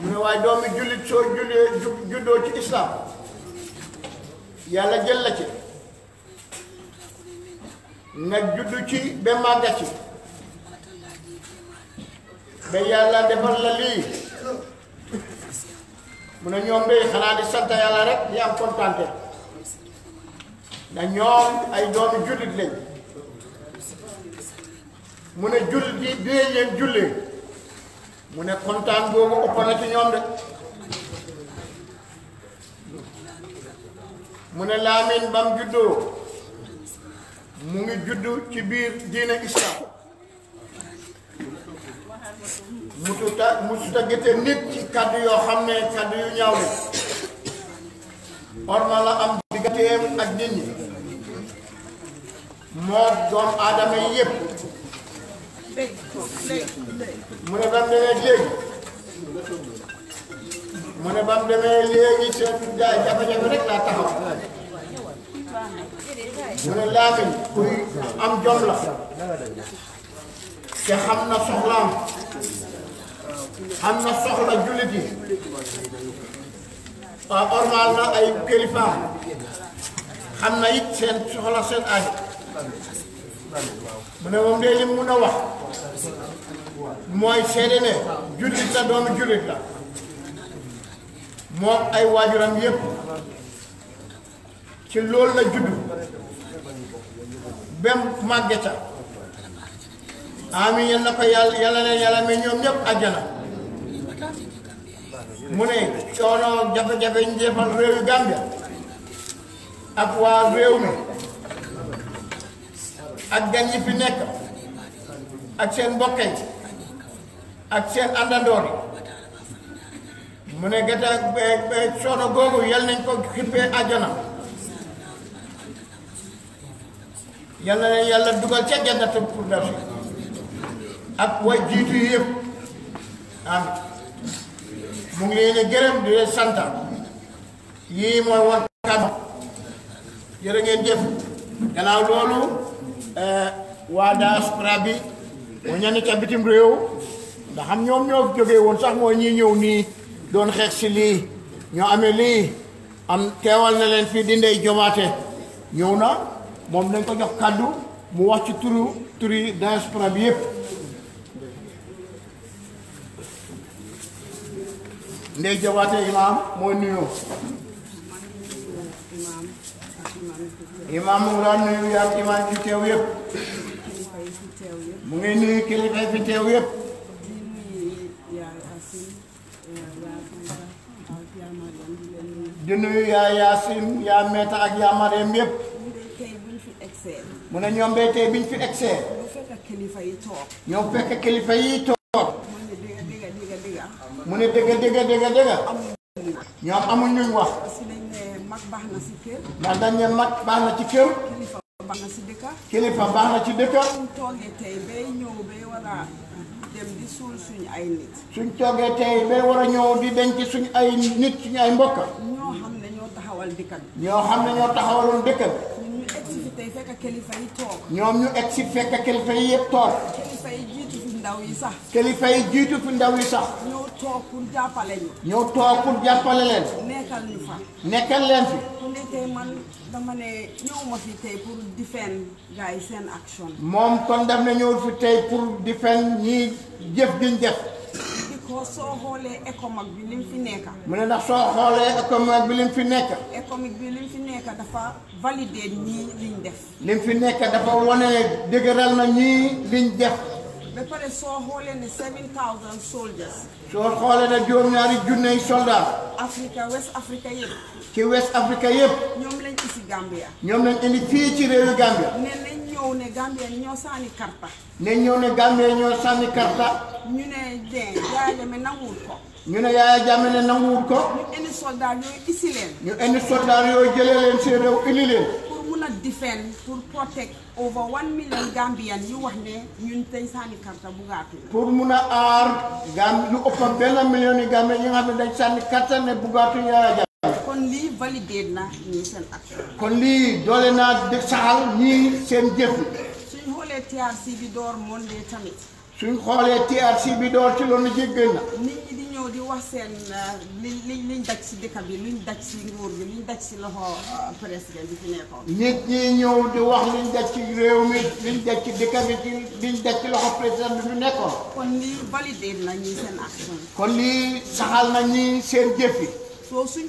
mu ne waaye doomi jullit soo jullee juddoo ci islam yàlla jël la ci nga juddu ci ba màgga ci ba yàlla defal la lii mu ne ñoom day xanaa di sant yàlla rek di am kontante na ñoom ay doomi jullit lañ mu ne jullit yi dee leen jullee mu ne kontaan boobu ëpp na ci ñoom de mu ne Lamin bam juddoo mu ngi juddu ci biir diine islam musuta musuta gëte nit ci kaddu yoo xam ne kaddu yu ñaaw la orma la am digganteem ak nit ñi moo doom aadama yi yëpp mu ne ba mu demee léegi mu ne ba mu rek laa taxaw mu ne laamin kuy am jom la te xam na soxlaam xam na soxla jullit yi waaw ormal na ay kilifa xam na it seen soxla seen ay mu ne moom de mun a wax mooy seede ne jullit la doomu jullit la moom ay waajuram yépp ci loolu la judd bem màgge ca amiin yal na ko yàlla yàlla leen yàlla mais ñoom ñëpp àjjana mu ne coono jafe-jafe ñu réew yu Gambia ak waa réew mi ak gan ñi fi nekk ak seen mbokk ak seen àndandoor yi mu ne gata coono googu yal nañ ko xippee àjjana yal na leen yàlla dugal ca jannatu firdawsi ak way jiitu yi yëpp am mu ngi leen gërëm di leen sant yii mooy wan kàddu jërë ngeen jëf gannaaw loolu eh, waa diaspora bi mooy ña nekk bitim réew ndaxam ñoom ñoo jógee woon sax mooy ñi ñëw nii doon xeex si lii ñoo amee lii am teewal na leen fii di Ndeye Jobaate ñëw na moom dañ ko jox kàddu mu wax ci turu turi diaspora bi yëpp ndey jabaate imaam mooy nuyoo imaam mu laa nuyu yaag imaam fi teew yëpp mu ngi nuyu kilifa fi teew yëpp di nuyu yaa yaasin yaa meeta ak yaa mareem yëpp mu ne ñoom de tey biñ fi egsee ñoo fekk kilifa yi toog mu ne dëgg dëgg dëgg dëgg. ñoom amul ñuñ wax. parce que dañ ne mag baax na ci kër. ndax dañ ci kër. kilifa baax na ci dëkk. kilifa baax na ci dëkk. suñ toogee tey bay ñëw bay war a dem suul suñu ay nit. suñ toogee tey bay war a ñëw di denc suñu ay nit suñu mbokk. ñoo xam ne ñoo bi. ñoo xam ne ñoo taxawaloon dëkk bi. ñun ñu egg fekk kilifa yi ñoom ñu egg si fekk kilifa yëpp toog. ndaw yi sax. kilifa yi jiitu fi ndaw yi sax. ñoo toog pour jàppale ñu. ñoo toog pour jàppale leen. nekkal ñu fa. nekkal leen fi. ku ne dama ne ñëw ma fi tey pour defend seen action. moom kon daf na ñëw fi tey pour defend ñii jëf giñ def. ko soo xoolee économique bi lim fi nekk. mu ne ndax soo bi lim fi nekk. économique bi lim fi nekk dafa valider ñii liñ def. lim fi nekk dafa wane dëgëral na ñii liñ def. da pare soo xoolee ne 7000 soldiers. soo xoolee ne juróom-ñaari junney soldats. Africa West Africa yëpp. ñoom lañ isi Gambia. ñoom indi fii ci réewi Gambia. ne nañ ñëw ne Gambia ñoo sànni karta. ne ñëw ne Gambia ñoo sànni karta. ñu ne de Yaya Jammeh nanguwul ko. ñu ne Yaya Jammeh ne nanguwul ko. ñu indi soldats yooyu isi leen. ñu indi soldats yooyu jëlee leen seen réew indi leen. pour mun a defend pour protect. over one million Gambian ñu wax ne ñun dañ sànni karta bugaatu pour mun a aar Gam lu ëpp benn million yi Gambian yi nga xam ne dañ sànni karta ne bugaatu Yaya Jammeh kon lii validé na ñii seen action kon lii doole naa saxal ñii seen jëf suñ xoolee si bi door Monday tamit suñ xoolee TRC bi door ci loolu jéggal na. nit ñi di ñëw di wax seen li uh, li liñ daj si dëkk bi luñ daj si nguur gi liñ daj si loxo uh, président bi fi nekkoon. nit ñi ñëw di wax liñ daj ci réew mi liñ daj ci dëkk bi ci ñu daj ci loxo président bi fi kon lii validé na ñi seen action. kon lii saxal na ñi seen jëf yi. soo su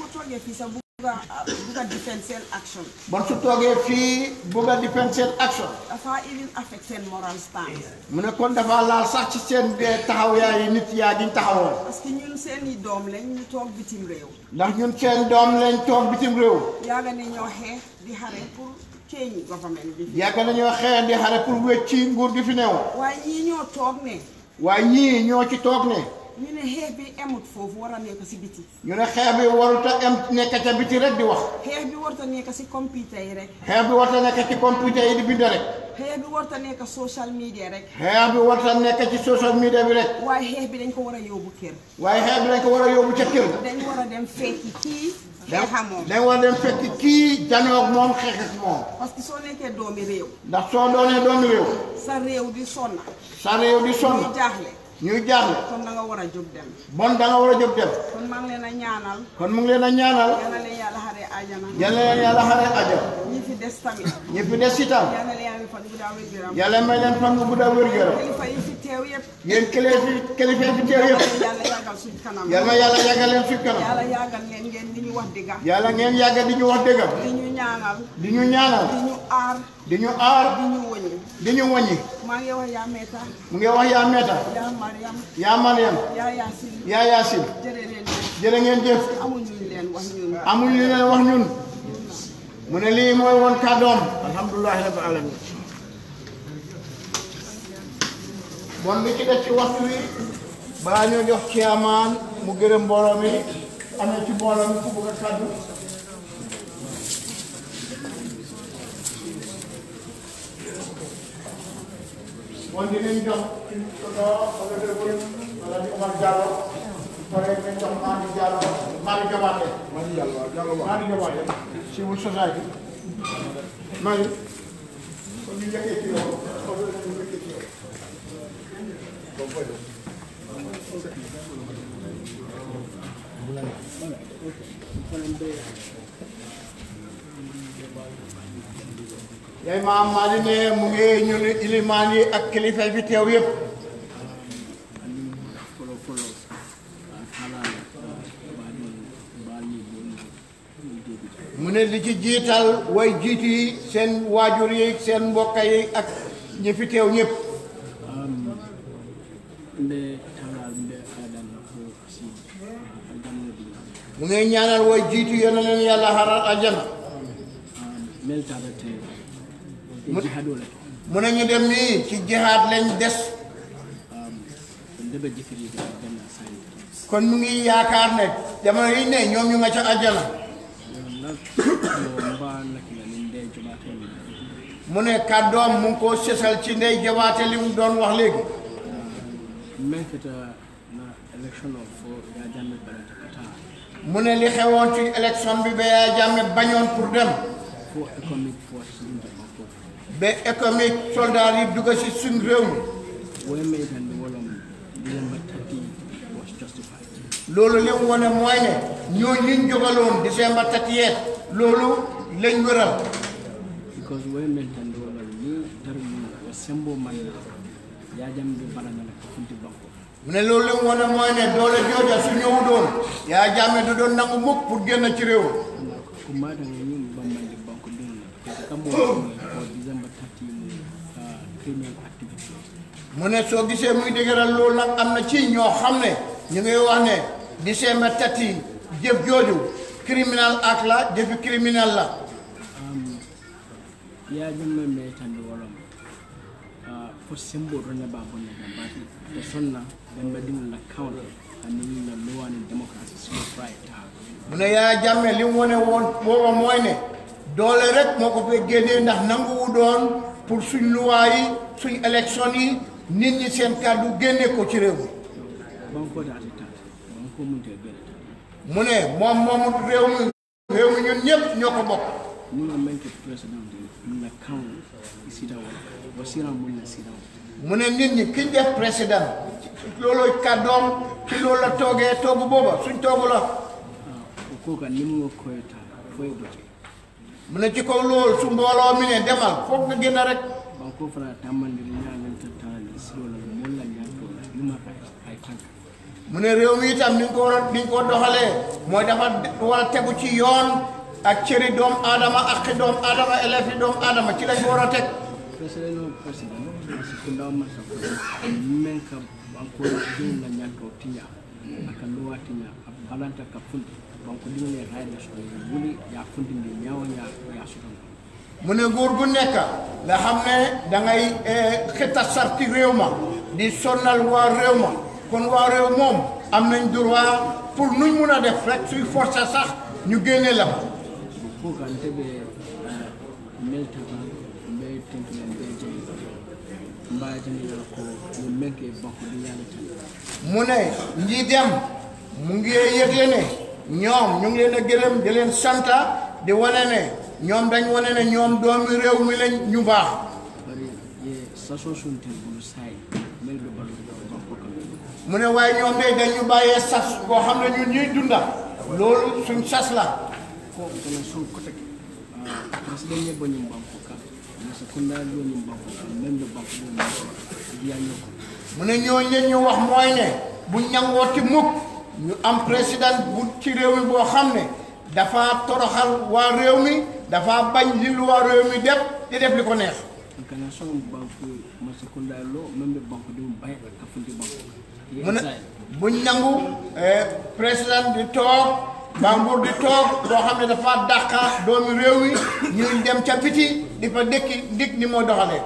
ma toogee fii Buga defend seen action. bon su toogee fii buga defend seen action. dafa even affect seen moral stance. mu ne kon dafa laal sax ci seen taxaw yaay nit yaa di taxawoon. parce que ñun seeni doom lañ toog bitim réew. ndax ñun seen doom lañ toog bitim réew. yàgg nañoo xeex di xare pour change government bi. yàgg nañoo xeex pour wécc ci nguur gi fi neew. waaye ñii ñoo toog ne. waaye ñii ñoo ci toog ne. ñu ne xeex bi emut foofu war a nekk si biti. ñu ne xeex bi warut a em nekk ca biti rek di wax. xeex bi warut a nekk si computer yi rek. xeex bi warut a di bind rek. xeex bi warut a nekk social media rek. xeex bi warut a nekk ci social media bi rek. waaye xeex bi dañ ko war a yóbbu kër. waaye xeex bi dañ ko war a yóbbu ca kër. dañ war a dem fekki kii. xeexa moom dañ war a dem fekki kii janoog moom xeex moom. parce que soo nekkee doomi réew. ndax soo doonee doomi réew. sa réew di sonna sa réew di sonna muy ñu jàng kon da nga wara jog dem bon da nga wara jog dem kon maa ngi ñaanal kon mu ngi leen a ñaanal yal na leen yàlla xare ajana yal leen yàlla xare ajana ñi fi des tamit ñi fi des itam yal na leen fan bu daa wér yaram yàlla may leen fan bu daa wér yaram kilifa yi fi teew yëpp yéen kilifa kilifa yi fi teew yëpp yàlla yàggal suñ kanam yal na yàlla leen suñ kanam yàlla yàggal leen ngeen di ñu wax dëgga yàlla ngeen yàggal di ñu wax dëgga di ñu ñaanal di ñu ñaanal di ñu aar di ñu wëñi di wëñi maa ngi wax yaa meeta. mu ngi wax yaa meeta. yaa Mariam. yaa Mariam. yaa jëf. jërë ngeen jëf. wax ñun. mu ne lii mooy woon kàddoom. alhamdulilah rabbil alamin. bon li ci des ci waxtu wi. balaa ñoo jox caamaan mu gërëm mbooloo mi. am na ci mbooloo ku bëgg a moom dinañ jox suñu secrétaire bu wala ñu Omar Diallo pare dinañ jox Madi Diallo Madi Diabaté. Madi Diallo waaw Diallo waaw Madi Diabaté. si wul société bi. Madi. kon ñu njëkkee ci yow kon ñu njëkkee ci yow. Thank you. yay maam maa ne mu ngi ñun ilimaan yi ak kilifa bi teew yëpp mu ne li ci jiital way jiit yi seen waajur yi seen mbokk yi ak ñi teew ñëpp mu ngi ñaanal way jiitu yal leen yàlla xaral àjjana mu ne ñu dem nii ci jihaad lañ des. Um, kon mu ngi yaakaar ne jamono yi ne ñoom ñu nga ca àjjana. Um, mu ne kàddoom mu ngi koo sesal ci ndey jabaate li mu doon wax léegi. Um, mu ne li xewoon ci élection bi ba yaa jàmme bañoon pour dem. ba économique soldat yi dugg si suñ réew mi. loolu li mu mooy ne ñooñu liñ jógaloon December 31 loolu lañ wëral. mu ne loolu lim wona mooy ne doole jooja su ñëwu doon yaa jamme du doon nangu mukk pour génn ci réew ko mu ne soo gisee muy am na ci ñoo xam ne ñu ngi la jëfi criminal la yaajum me me tandi wolom na kawle anniñi na lowani démocratie yaa jàmme li wane woon booba mooy ne doole rek moo ko fee génnee ndax nanguwu doon pour suñ luwaa yi suñ élection yi nit ñi seen kàddu génne ko ci réew mi mu ne moom moomu réew mi réew mi ñun ñëpp ñoo ko bokk mu ne nit ñi kiñ def président loolooy kàddoom ci loolu la toogee toogu booba suñ toogu la mu ne ci kaw loolu su mbooloo mi ne demal foog nga génn rek mu ne réew mi itam ni nga ko war ni nga doxalee mooy dafa war tegu ci yoon ak cëri doomu aadama ak xi doomu aadama élèves yi doomu aadama ci lañ war a teg. mu ne nguur gu nekk nga xam ne da ngay eh, xitasar réew ma di sonal waa réew ma. kon waa réew moom am nañ droit pour nuñ mun a def rek suy forcé sax ñu génne la fa mu ne nji dem mu ngi yëgee ne ñoom ñu ngi leen a gërëm di leen santa di wane ne ñoom dañ wane ne ñoom doomi réew mi lañ ñu baax mu ne waaye ñoom de dañ ñu bàyyee sas boo xam ne ñun ñuy dunda loolu suñ sas la mu ne ñooñu leen ñu wax mooy ne bu ñangooti mukk ñu am président bu ci réew mi boo xam ne dafa toroxal waa réew mi dafa bañ li lu waa réew mi def di def li ko neex mun a buñ nangu eh, président di toog mbaa nguur di toog boo xam ne dafa dàqa doomi réew mi ñuy dem ca biti di fa dëkki dig ni moo doxalee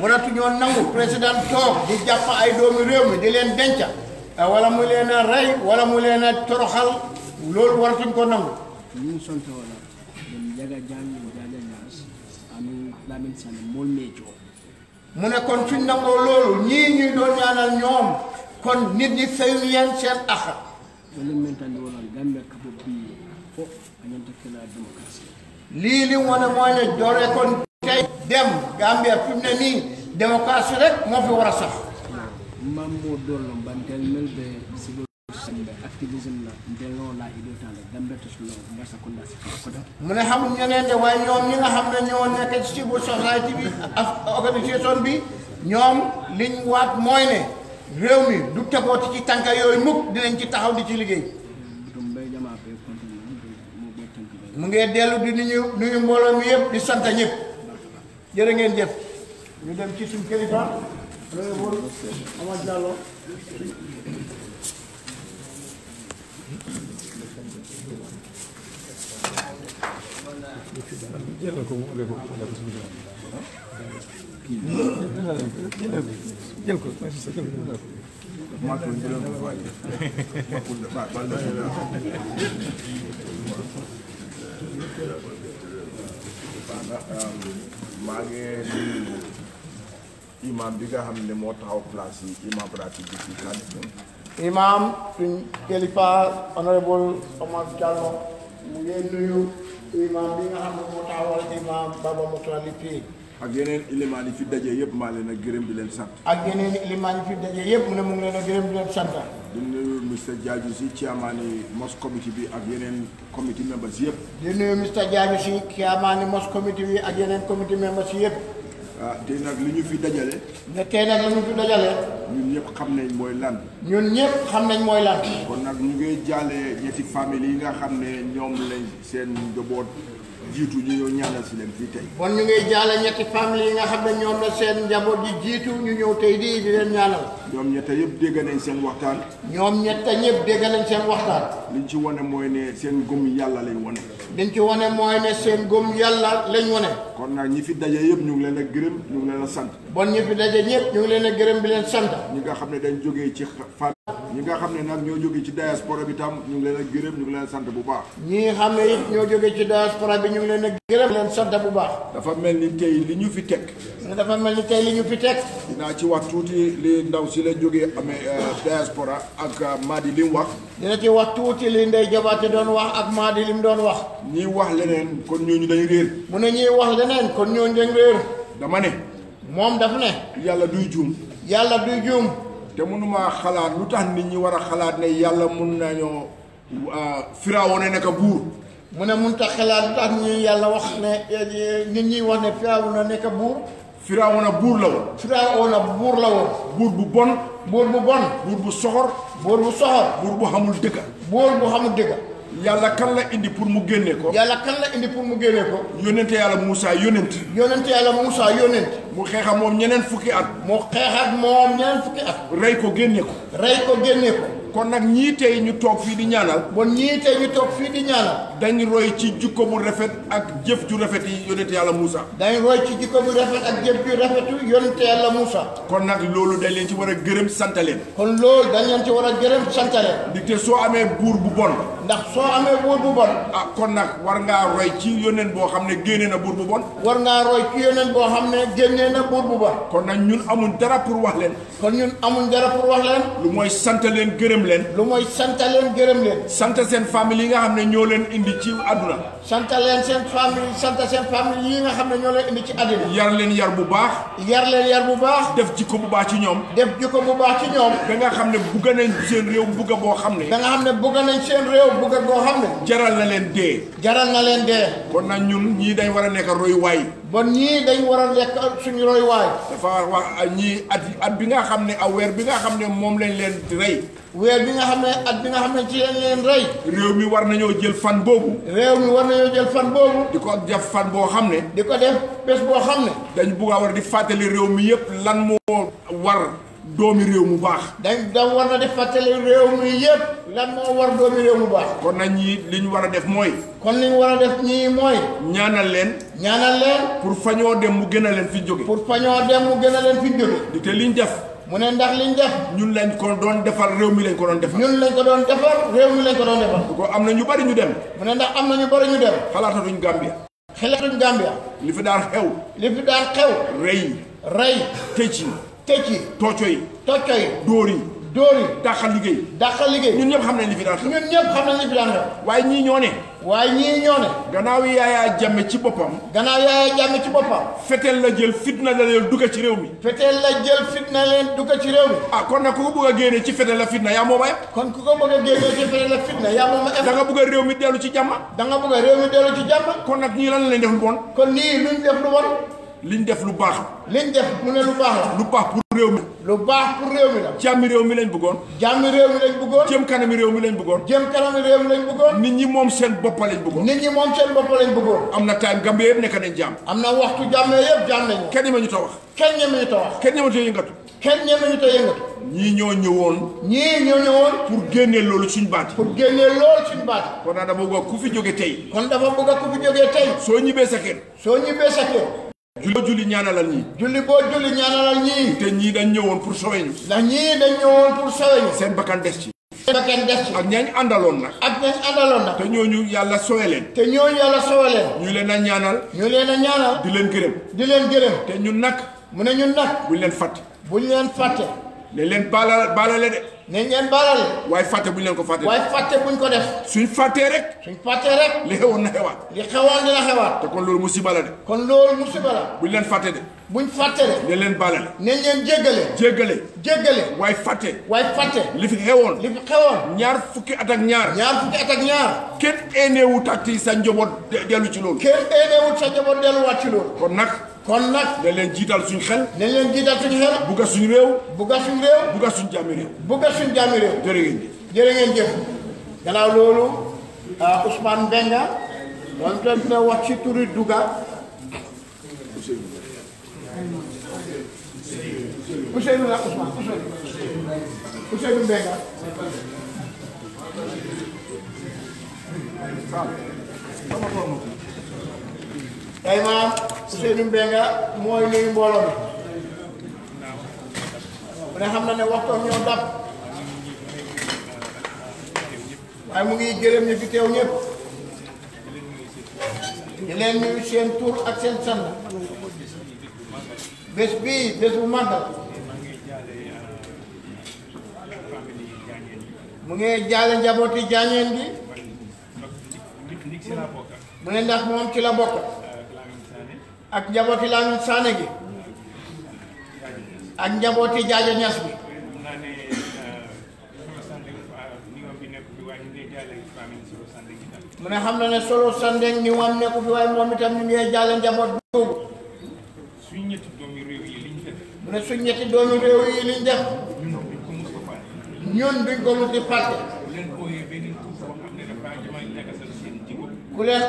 mënatuñoo nangu président toog di jàpp ay doomi réew mi di leen denca eh, wala mu leen a rey wala mu leen a toroxal loolu waratuñ ko nangu mu ne kon suñ nangoo loolu ñii ñuy doon ñaanal ñoom kon nit ñi fayu yeen seen axa lii li mu ne mooy ne doole kon tey dem Gambia fi mu ne nii démocratie rek moo fi war a sax mu ne xamul ñeneen de waaye ñoom ñi nga xam ne ñoo nekk ci civil society bi ak organisation bi ñoom liñ waat mooy ne réew mi du tegooti ci tànka yooyu mukk dinañ ci taxaw di ci liggéey mu ngee dellu di nuyu nuyu mbooloo mi yëpp di sant ñëpp jërë ngeen jëf ñu ci suñ kilifa Amadou Diallo jëlal ko mu ko jël ko maa ngi nuyu imam bi nga xam ne moo taxaw place yi imam ratib bi ci kan imam suñ kilifa honorable Omar Diallo mu ngi nuyu imam bi nga xam ne moo taxawal imam Baba Mutali fii ak yeneen ilimaan yi fi dajee yëpp maa leen a gërëm di leen sant. ak yeneen ilimaan yi fi daje yëpp mu ne mu ngi leen a gërëm di leen sant. di nuyu Mr Diadio si chairman mos committee bi ak yeneen committee members yëpp. di nuyu Mr Diadio si chairman mos committee bi ak yeneen committee members yëpp. waaw ah, tey nag li ñu fi dajale. ne tey nag li ñu fi dajale. ñun ñëpp xam nañ mooy lan. ñun ñëpp xam nañ mooy lan. kon nag ñu ngi jàllee ñetti famille yi nga xam ne ñoom lañ seen njaboot. jiitu ñu ñëw ñaanal si leen fii tey. bon ñu ngi jaala ñetti famille yi nga xam ne ñoom la seen njaboot yi jiitu ñu ñëw tey di di leen ñaanal. ñoom ñetta yëpp dégg nañ seen waxtaan. ñoom ñetta ñëpp dégg nañ seen waxtaan. liñ ci wane mooy ne seen gëm yàlla lañ wane. liñ ci wane mooy ne seen gëm yàlla lañ wane. kon nag ñi fi daje yëpp ñu leen a gërëm ñu ngi leen a sant. bon ñi fi daje ñëpp ñu ngi leen a gërëm bi leen sant. ñi nga xam ne dañ jógee ci fan. ñi nga xam ne nag ñoo jógee ci diaspora bi tam ñu ngi leen a gërëm ñu ngi leen sant bu baax. ñi xam ne it ñoo jógee ci diaspora bi ñu ngi leen a gërëm. leen sant bu baax. dafa mel ni tey li ñu fi teg. dafa mel ni tey li ñu fi teg. dinaa ci wax tuuti li ndaw si la jógee amee euh, diaspora ak euh, Madi li mu wax. dina ci wax tuuti li Ndeye Jabaate doon wax ak Madi li mu doon wax. ñii wax leneen kon ñu dañ réer. mu ne ñii wax leneen kon ñooñu dañ réer. dama ne. moom daf ne. yàlla duy juum. yàlla duy juum. te mënuma xalaat lu tax nit ñi war a xalaat ne yàlla mun nañoo firaawo ne nekk buur. mu ne mun tax xalaat lu tax ñuy yàlla wax ne nit ñi wax ne firaawo na nekk buur. firaawo na buur la woon. firaawo na buur la woon. buur bu bon. buur bu bon. buur bu soxor. buur bu soxor. buur bu xamul dëgg. buur bu xamul dëgg. yàlla kan la indi pour mu génne ko. yàlla kan la indi pour mu génne ko. yónnente yàlla Moussa yónnent. yónnente yàlla Moussa yónnent. mu xeex ak moom ñeneen fukki at. mu xeex ak moom ñeneen fukki at. rey ko génne ko. rey ko génne ko. kon nag ñii tey ñu toog fii di ñaanal. bon ñii tey ñu toog fii di ñaanal. dañ roy ci jikko bu rafet ak jëf ju rafet yi yonent yàlla Moussa. dañ roy ci jikko bu rafet ak jëf ju rafetu yonent yàlla Moussa. kon nag loolu dañ leen ci war a gërëm sant leen. kon loolu dañ leen ci war a gërëm sant leen. ndaxte soo amee buur bu bon. ndax soo amee buur bu bon. ah kon nag war ngaa roy ci yonent boo xam ne génnee na buur bu bon. war ngaa roy ci boo xam ne génnee na buur bu bon. kon nag ñun amuñ dara pour wax leen. kon ñun amuñ dara gërëm leen. lu mooy sant leen gërëm leen. sant seen famille yi nga xam ne ñoo leen indi ci àdduna. sant leen seen famille sant seen famille yi nga xam ne ñoo leen indi ci àdduna. yar leen yar bu baax. yar leen yar bu baax. def jikko bu baax ci ñoom. def jikko bu baax ci ñoom. ba nga xam ne bugga nañ seen réew bugga boo xam ne. da nga xam ne bugga nañ seen réew bugga boo xam ne. jaral na leen dee. jaral na leen dee. kon nag ñun ñii dañ war a nekk royuwaay. bon ñi dañ wara lek suñu roy way dafa wax ñi at at bi nga xamne a wër bi nga xamne mom lañ leen reuy wër bi nga xamne at bi nga xamne ci lañ leen reuy rew mi war nañu jël fan bobu rew mi war nañu jël fan bobu diko def fan bo xamne diko def bes bo xamne dañ bu nga war di fatali rew mi yépp lan mo war doomi réew mu baax. dañ da war na def fàttali réew mi yëpp. lan moo war doomi réew mu baax. kon nag ñii li ñu war a def mooy. kon li war a def ñii mooy. ñaanal leen. ñaanal leen. pour fañoo dem mu gën a leen fi jóge. pour fañoo dem mu gën a leen fi jóge. di te liñ def. mu ne ndax liñ def. ñun lañ ko doon defar réew mi lañ ko doon defar. ñun lañ ko doon defar réew mi lañ ko doon ko am na ñu bari ñu dem. mu ne ndax am na ñu bari ñu dem. xalaatatuñ Gambia. xalaatuñ Gambia. li fi daan xew. li fi daan xew. rey. rey tëj tëj yi tooco yi tocco yi dóor yi dóor yi dàqal liggéey dàqal liggéey ñun ñëpp xam nañ li fi daan xew ñun ñëpp xam nañ li fi daan waaye ñii ñoo ne waaye ñii ñoo ne gannaaw yaayaa jàmme ci boppam gannaaw yaayaa jàmme ci boppam feteel la jël fitna la leen dugg ci réew mi feteel la jël fitna leen dugg ci réew mi ah kon nag ku ko bëgg génne ci feteel la fitna yaa moo ma yëpp kon ku ko bëgg a génne ci feteel la fitna yaa moo ma yëpp da nga bëgg a réew mi dellu ci jàmm da nga bëgg a réew mi dellu ci lan leen def lu kon nii luñ liñ def lu baax liñ def mu ne lu baax la lu baax pour réew mi lu baax pour réew mi la jàmmi réew mi lañ bëggoon jàmmi réew mi lañ bëggoon kanami réew mi lañ bëggoon jëm kanami réew mi lañ bëggoon nit ñi moom seen bopp lañ bëggoon nit ñi moom seen bopp lañ bëggoon am na time gambe yëpp nekk nañ jàmm am na waxtu jàmm yëpp jàmm nañ kenn ñeme ñu ta wax kenn ñeme ñu ta ñu ta yëngatu kenn ñoo ñëwoon ñii ñoo ñëwoon pour génnee loolu suñ baat pour génnee loolu suñ baat kon naa dafa bëgg ku fi jóge tey kon dafa bëgg ku fi jógee tey soo ñibbee sa kër soo ñibbee sa julli julli ñaanalal ñii. julli boo julli ñaanalal ñii. te ñii dañ ñëwoon pour sauver ñu. ndax ñii dañ ñëwoon pour sauver ñu. seen bakkan des ci. seen bakkan des ci. ak ñañ àndaloon nag. ak ñañ àndaloon nag. te ñu yàlla sauver leen. te ñoo yàlla sauver leen. ñu leen a ñaanal. ñu leen a ñaanal. di leen gërëm. di leen gërëm. te ñun nag. mu ne ñun nag. buñ leen fàtte. buñ leen fàtte. ne leen baala baala le de. nañ leen baral waaye fàtte buñ leen ko fàtte waaye fàtte buñ ko def suñ fàttee rek suñ fàttee rek li xewoon na xewaat li xewoon dina xewaat te kon loolu musiba la de kon loolu musiba la buñ leen fàtte de buñ fàtte de nañ leen balale nañ leen jéggale jéggale jéggale waaye fàtte waaye fàtte li fi xewoon li fi xewoon ñaar fukki at ak ñaar ñaar fukki at ak ñaar kenn eeneewut ak sa de dellu ci loolu kenn eeneewut sa njaboot delluwaat ci loolu kon nag kon nag nañ jiital suñ xel nañ leen jiital suñ xel bugga suñ réew bugga suñ réew bugga suñ jàmmi réew suñu jàmmi réew. jërë ngeen jëf jërë ngeen jëf gannaaw loolu ah, Ousmane Benga moom itam dina wax ci turi Duga. Ousseynou la Ousmane Ousseynou Ousseynou Mbenga waaw tey maam Ousseynou Mbenga mooy nuyu mbooloo mi mu ne xam na ne waxtoom ñoo dab waaye mu ngi gërëm ñi fi teew ñëpp di leen nuyu seen tur ak seen sant bés bii bés bu màgg mu ngi jaale njabooti jaañeen gi mu ne ndax moom ci la bokk ak njabooti Lamin Saane gi ak njabooti Jaajo Ñas bi mu ne xam na ne solo sandeng ni wam nekku fi waaye moom itam ñu ngee jàll njaboot boobu suñ ñetti doomi réew yi liñ def mu suñ ñetti doomi réew yi liñ def ñun duñ ko mus di fàtte ku leen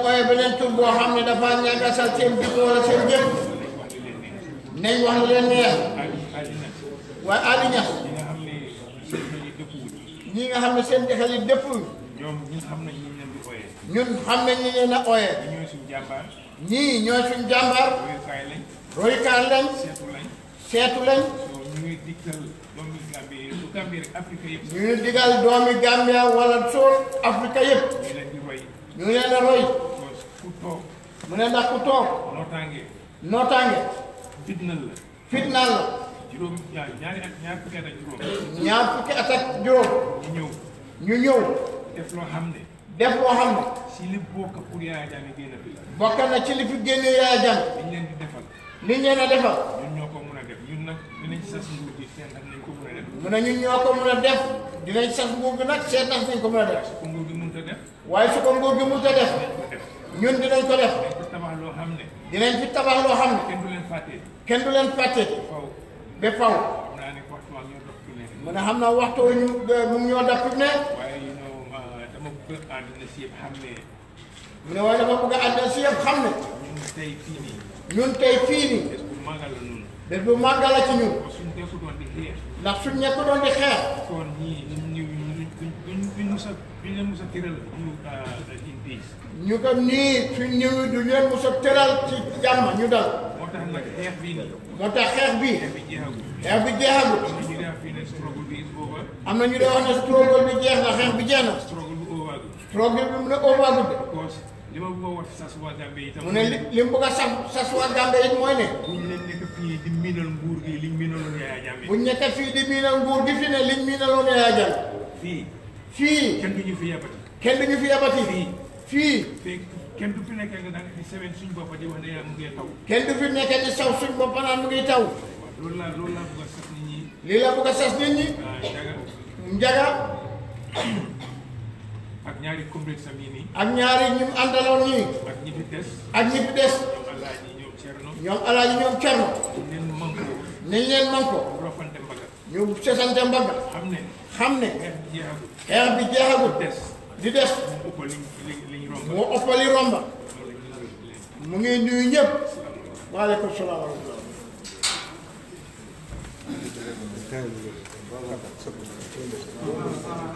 ooyee beneen tur boo xam ne dafa ñagasal seen jikko wala seen jëf nañ wax lu leen neex waaye Aliou Niass ñi nga xam ne ñun xam nañ ni nee na ooyee. ñii ñooy suñu jàmbaar. ñii ñooy suñu jàmbaar. royukaay lañ. royukaay seetu lañ. seetu lañ. ñu ñu ngi doomi Gambie wala soo Afrique yëpp. ñu leen di roy. a roy. ku mu ne ndax ku toog. nootaange. nootaange. fitnal la. fitnal la. juróom ñaari at ñaar fukki at ak ak juróom. ñu ñëw. ñu ñëw. def loo xam ne. si li bokk pour Yaya Jammeh génn na ci li fi génn Yaya Jammeh. liñ leen a defal. ñun ñoo a def ñun nag mun a def. mu ñun ñoo ko mun a def dinañ sas nguur gi nag seet mun a def. a waaye su ko nguur gi mënut a def. ñun dinañ ko def. dinañ fi fi tabax loo xam ne. kenn du leen fàtte. kenn du leen fàtte. ba faw. ba faw. mu ne xam ñu mu ñoo def fi mu bëgg àdduna si yëpp xam ne. mu ne waaye dafa bëgg àdduna si yëpp xam ne. ñun tey fii nii. ñun tey fii nii. bés bu màggal la ñun. bés bu màggal la ci ñun. ndax suñ nekku doon di xeex. ndax suñ nekku doon ko nii suñ ñëwee du leen musa tëral ci jàmm ñu dal. moo tax xeex bii xeex bi jeexagul. am na ñu dee wax ne struggle bi jeex na xeex bi jeex na. programme bi mu ne overagul de. a wax sas waa Gambie li mu bëgg a sas sas waa Gambie mooy ne. bu nekk fii di miinal nguur gi fi ne liñ miinaloon Yaya Jammeh. fii. fii kenn du ñu fi yabati. kenn du ñu fi yabati. fii kenn du fi nekk nag di semaine suñ bopp di wax ne mu ngi taw. kenn du saw suñ bopp naan mu ngi taw. a sas nit lii la bëgg a sas nit ñi. njaga. ak ñaari complexe yi ni ak ñaari ñum andalon ñi ak ñi fi dess ak ñi fi dess ñom cerno ñom alaaji ñom cerno ñen manko ne ñen manko rofante mbaga ñu sessante mbaga xamne xamne jeexagul xex bi jeexagul dess di dess mo opali romba mu ngi nuyu ñepp wa alaykum salaam wa rahmatullah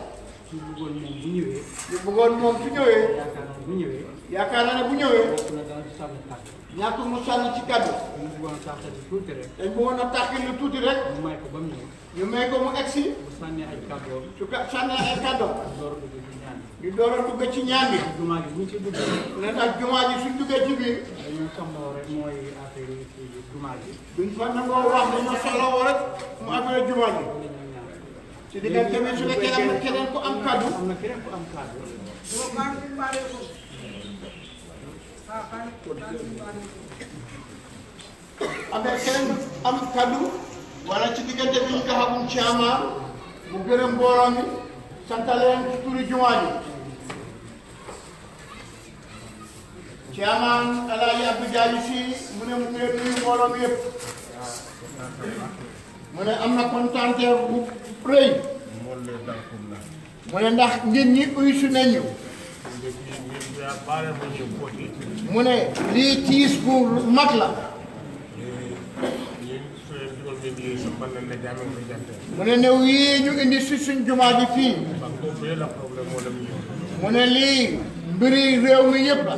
ñu bëggoon moom bu ñëwee. ñu bëggoon moom su ñëwee. yaakaar naa ne bu ñëwee. yaakaar naa ne bu ñëwee. ñàkkul mu sànni ci kàddu. dañ bëggoon a tàqal lu tuuti rek. dañ bëggoon a tàqal lu tuuti rek. ñu may ko ba mu ñëw. ñu may ko mu egsi. mu sànnee ay kàddoom. su ko sànnee ay kàddoom. di door a dugg ci ñaan bi. jumaa ji bu ñu ci duggee. nee nag jumaa ji suñ duggee ci biir. dañoo soxlawoo rek mooy affaire yi ci jumaa ji. duñ fa nangoo wax dañoo soxlawoo rek mu affaire jumaa ji. su di nga demee su fekkee am na keneen ku am kaddu. am na keneen ku am kaddu. am na keneen am kaddu wala ci diggante bi ñu taxawum caamaa bu gërëm mbooloo mi santaleen ci turi jumaa ji caamaa Alaaji Abdou Diallo si mu ne mu ngi nuyu mbooloo mi yëpp. mu ne am na kontaanteer bu rëy. mu ne ndax nit ñi uysu nañu. mu ne lii tiis bu mag la. mu ne new yii ñu indi si suñ jumaa ji fii. mu ne lii mbiri réew mi yëpp la.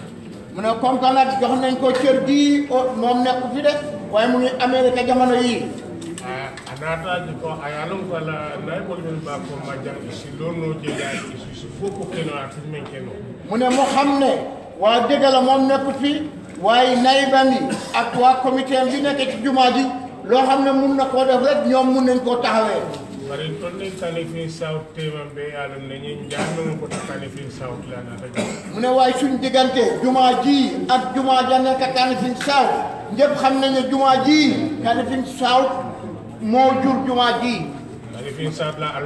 mu ne comme que nag jox nañ ko cër gii moom nekku fi de waaye mu ngi Amérique jamono yii ah, a naataji ko a yalon mu ne mu xam ne waa dëgg la moom nekkut fi waaye naybam yi ak waa comité bi nekk ci jumaa ji loo xam ne mun na koo def rek ñoom mun nañ koo taxawee bari toon ne kalifi sawt téemam be yaalam ne ñi njànnuma ko ta kalifi sawt la na ta mu ne waaye suñ diggante jumaa ji ak jumaa ja nekk kalifin sawt ñëpp xam nañ ne jumaa ji kalifin sawt moo jur jumaa ji kalifin sawt la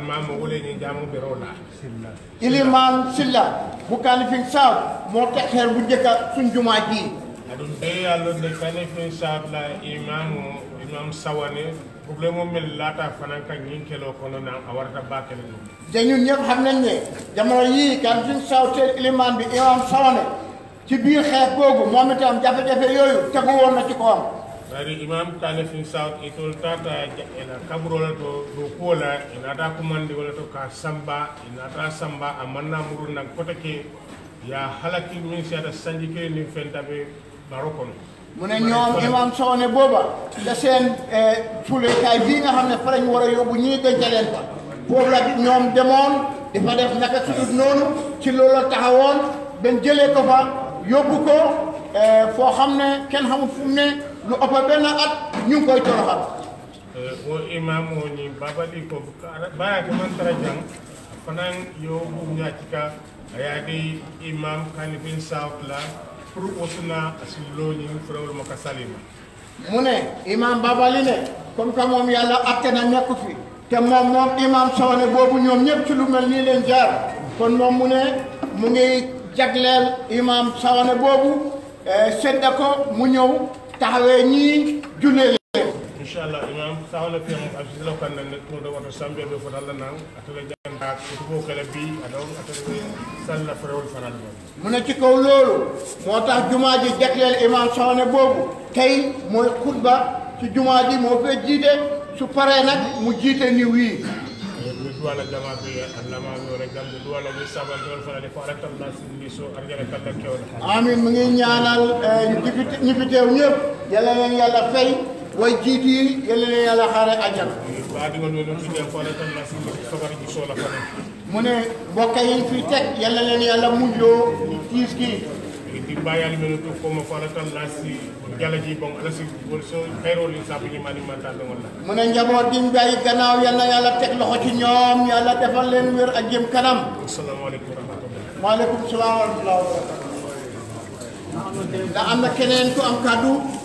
moo texeer bu njëkka suñ jumaa ji adum be yàlla ne kalifin sawt la imaam sawane problème o mel laata fanan ka ñiŋ keloo kono naŋ a warata baa kele duŋ te ñun ñëpp xam nañ ne jamono yii kantin sawteel ilimaan bi imam Sawone ci biir xeex googu moom itam jafe-jafe yooyu tegu woon na ci ko am bari imam kanifin saw itol tata ena kaburola to do kuola enata kumandi wala to ka samba enata samba a manna muru nan kote ke ya halaki min siyata sanji ke nin fentabe baro kono mu ne ñoom imam soone booba te seen eh, fulekaay bii nga xam ne fa lañ war a yóbbu ñii denca leen fa foofu la ñoom demoon dafa def naka sudut noonu ci loolu taxawoon ben jëlee ko fa yóbbu ko eh, foo xam ne kenn xamul fu mu ne lu ëpp benn at ñu ngi koy toroxal eh, wo imam o ni babali ko barake man tara jang fanan yo ɓum ñaccika a yaadi imam kanifin la furu suna a silo ñin furawol maka salima mu ne imam babali ne comme que moom yàlla atte na nekku fi te moom moom imam Soone boobu ñoom ñëpp ci lu mel nii leen jaar kon moom mu ne mu ngi jagleel imam Soone boobu eh, sedda ko mu ñëw taxawee ñii jullee inchallah imam sawala fiyamo alfisila kannande tunde woto sambeɓe fota allah nan atele janda tugo kala bi aɗon atele salla forewol faral ne ci kaw loolu moo tax jumaa ji jagleel imam sawne boobu tey mooy xutba ci jumaa ji moo fee jiite su paree nag mu jiite ni wii duwala jamaɓe allahmaɓe ore gamɓe duwala mi sabantol fanade fo aratalla sinni so arjana amin mu ngi ñaanal eh, ñi fi ñëpp yàlla leen yàlla fay way jiitu yi yal na leen yàlla xaare àjjana. mu ne mbokk yi fi teg yal leen yàlla mujjoo tiis kii. ndi mbayali mene to koma fala tan lasi jalaji man tan wala mu ne njaboot gi bàyyi gannaaw yal yàlla teg loxo ci ñoom yàlla defal leen wér ak jëm kanam asalaamaaleykum na keneen ku am kàddu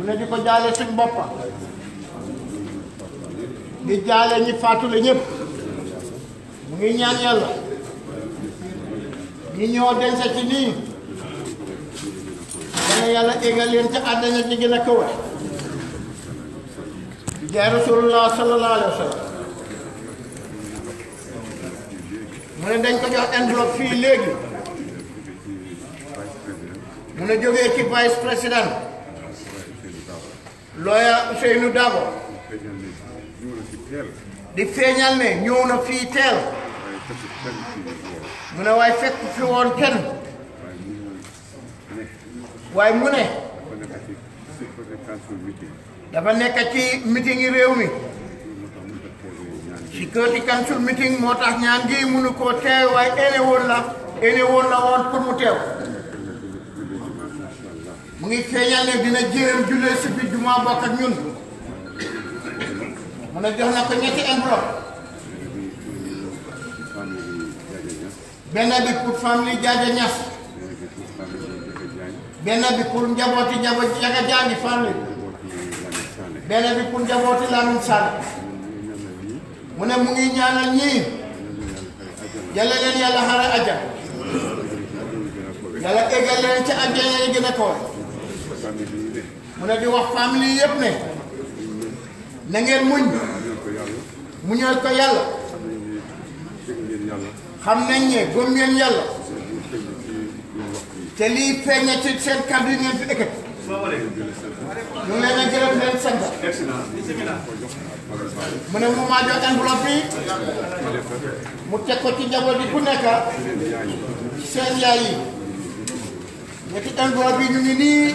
mune diko jale ko jaale suñ boppa di jale ñi faatule ñep mu ngi ñaan yalla ñi ñoo den sa ci ni dana yalla egal yeen ci adana ci gina ko wax di jaay rasulullah sallallahu alaihi wasallam mune dañ ko jox envelope fi legi mune joge ci vice president looya Ousseynou Dabo di feeñal ne ñëw na fii teel mu ne waaye fekk fi woon kenn waaye mu ne dafa nekk ci meeting yi réew mi security council meeting moo tax ñaan gi mënu koo teew waaye ene woon la ene woon pour mu teew mu ngi feñal ne dina jéem jullee ci bi juma bok ak ñun mu na jox na ko ñetti enveloppe benna bi pour famille jaja ñass benna bi pour njabo ci jaga jangi famille benna bi pour njabooti laamin sal mu ne mu ngi ñaanal ñi yalla leen yalla xara aja yalla egal leen ci ajja yi gëna ko mu ne di wax famille yëpp ne na ngeen muñ mu ñëw ko yàlla xam nañ ne gëm ngeen yàlla te lii feeñe ci seen kàddu yi ngeen fi ëkkat ñu ngi leen a gërëm leen sant mu ne mu maa jox enveloppe mu teg ko ci njaboot bi ku nekk seen yaay yi ñetti enveloppe yi ñu ngi nii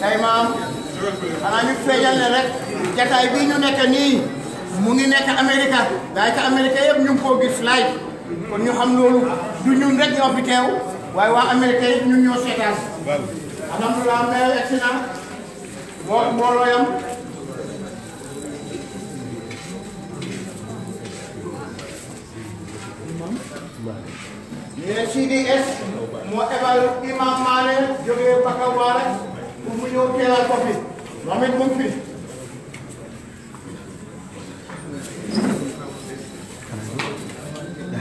tey maam xanaa ñu feeñal ne rek jataay bii ñu nekk nii mu ngi nekk Amérique daay ka Amérique yëpp ñu koo gis live kon ñu xam loolu du ñun rek ñoo fi teew waaye waa Amérique yëpp ñun ñoo seetaan alhamdulilah mel egsi na boo mbooloo yam ñu ne moo ebal Imam Maale jógee Bakawaare pour mu ñëw teelal ko fi Mohamed mu ngi fi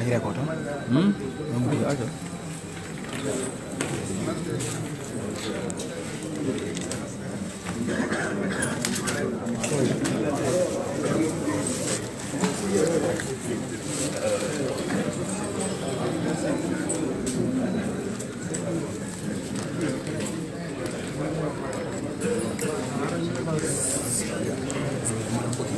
yaa ngi récolté hmm moom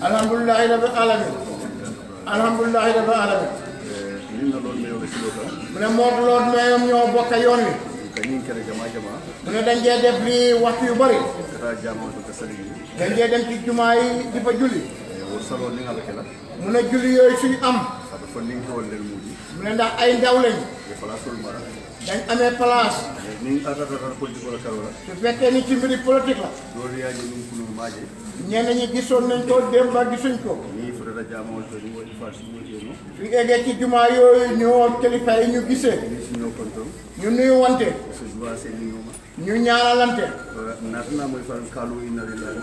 alhamdulilahi rabbil alamin alhamdulilahi rabbil alamin mu ne Modou Lo meeyam ñoo bokk yoon wi. mu ne dañ def li waxtu yu bëri. dañ cee dem ci jumaa yi di fa julli. mu ne julli yooyu suñu am. mu ne ndax ay ndaw lañ. dañ amee place. ni nga attaque politique wala kàlla la. su fekkee ni ci mbiri politique la. loolu yaa ngi ñu kunu ñi gisoon nañ ko démb ba gisuñ ñu woni su eggee ci jumaa yooyu ñoo kilifa ñu gisee. ñu si ñu nuyu wante. su ñu ñu ñaanalante. naata naa mooy faral kaalu inna lillahi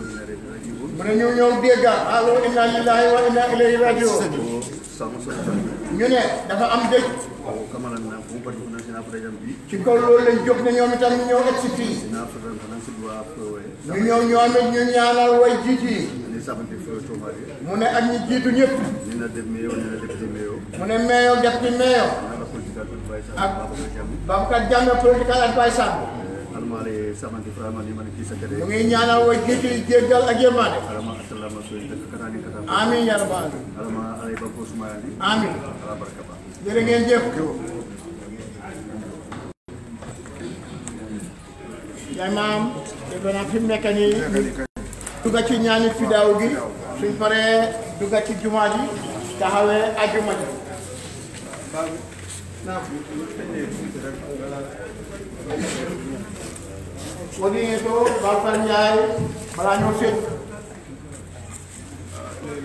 wa inna ilayhi rajiun. mu ne ñu ñu ne dafa am dëj. ci kaw loolu lañ jóg ne ñoom itam ñëw egg si fii. ñu ñëw ñoom it ñu ñaanal way jiit yi. mu ne ak ñi jiitu ñëpp. mu ne meeyoo def ci meeyoo. ak Babacar Jammeh political adviser mare sama di frama ni mani kisa kare ngi ñaanal way alama amin ya rabbal alama alay bakko sumayani amin ala baraka ba jere ngeen jëf yaay ni duga ci ñaani fidaaw duga ci boo déggee too Baal Fall Ndiaye balaa ñoo tëj.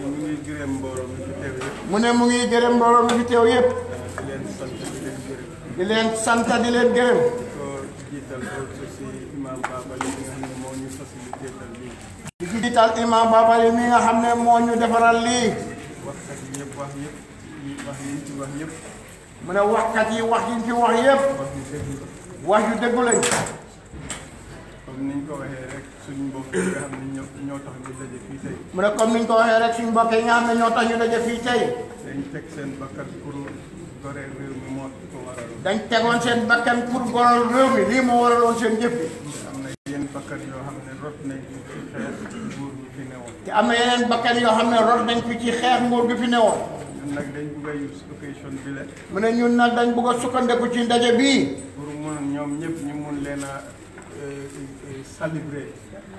mu ngi gërëm mbooloo mi di leen sant di di jiital imam Babali nga xam ne moo ñu defaral lii. waxkat yi yëpp wax yëpp wax yi wax yëpp. mu ne waxkat yi wax yi ci wax yëpp. wax yu déggu lañ. comme niñ ko waxee rek suñu mbokk yi nga xam ne ñoo tax mu ne comme niñ ko waxee rek suñu mbokk yi nga xam ne ñoo tax ñu daje fii tey. dañ teg seen bakkan pour goreel réew mi seen bakkan pour goreel réew mi lii moo waraloon seen jëf bi. am na yeneen bakkan yoo xam ne rot nañ ci xeex nguur gi fi newoon. te am na bakkan yoo xam ne rot nañ fi ci xeex nguur gi fi newoon. ñun nag dañ bugg a use occasion bi la. mu ne ñun nag dañ bugg a sukkandiku ci ndaje bii. leen a. Euh, les célébrer.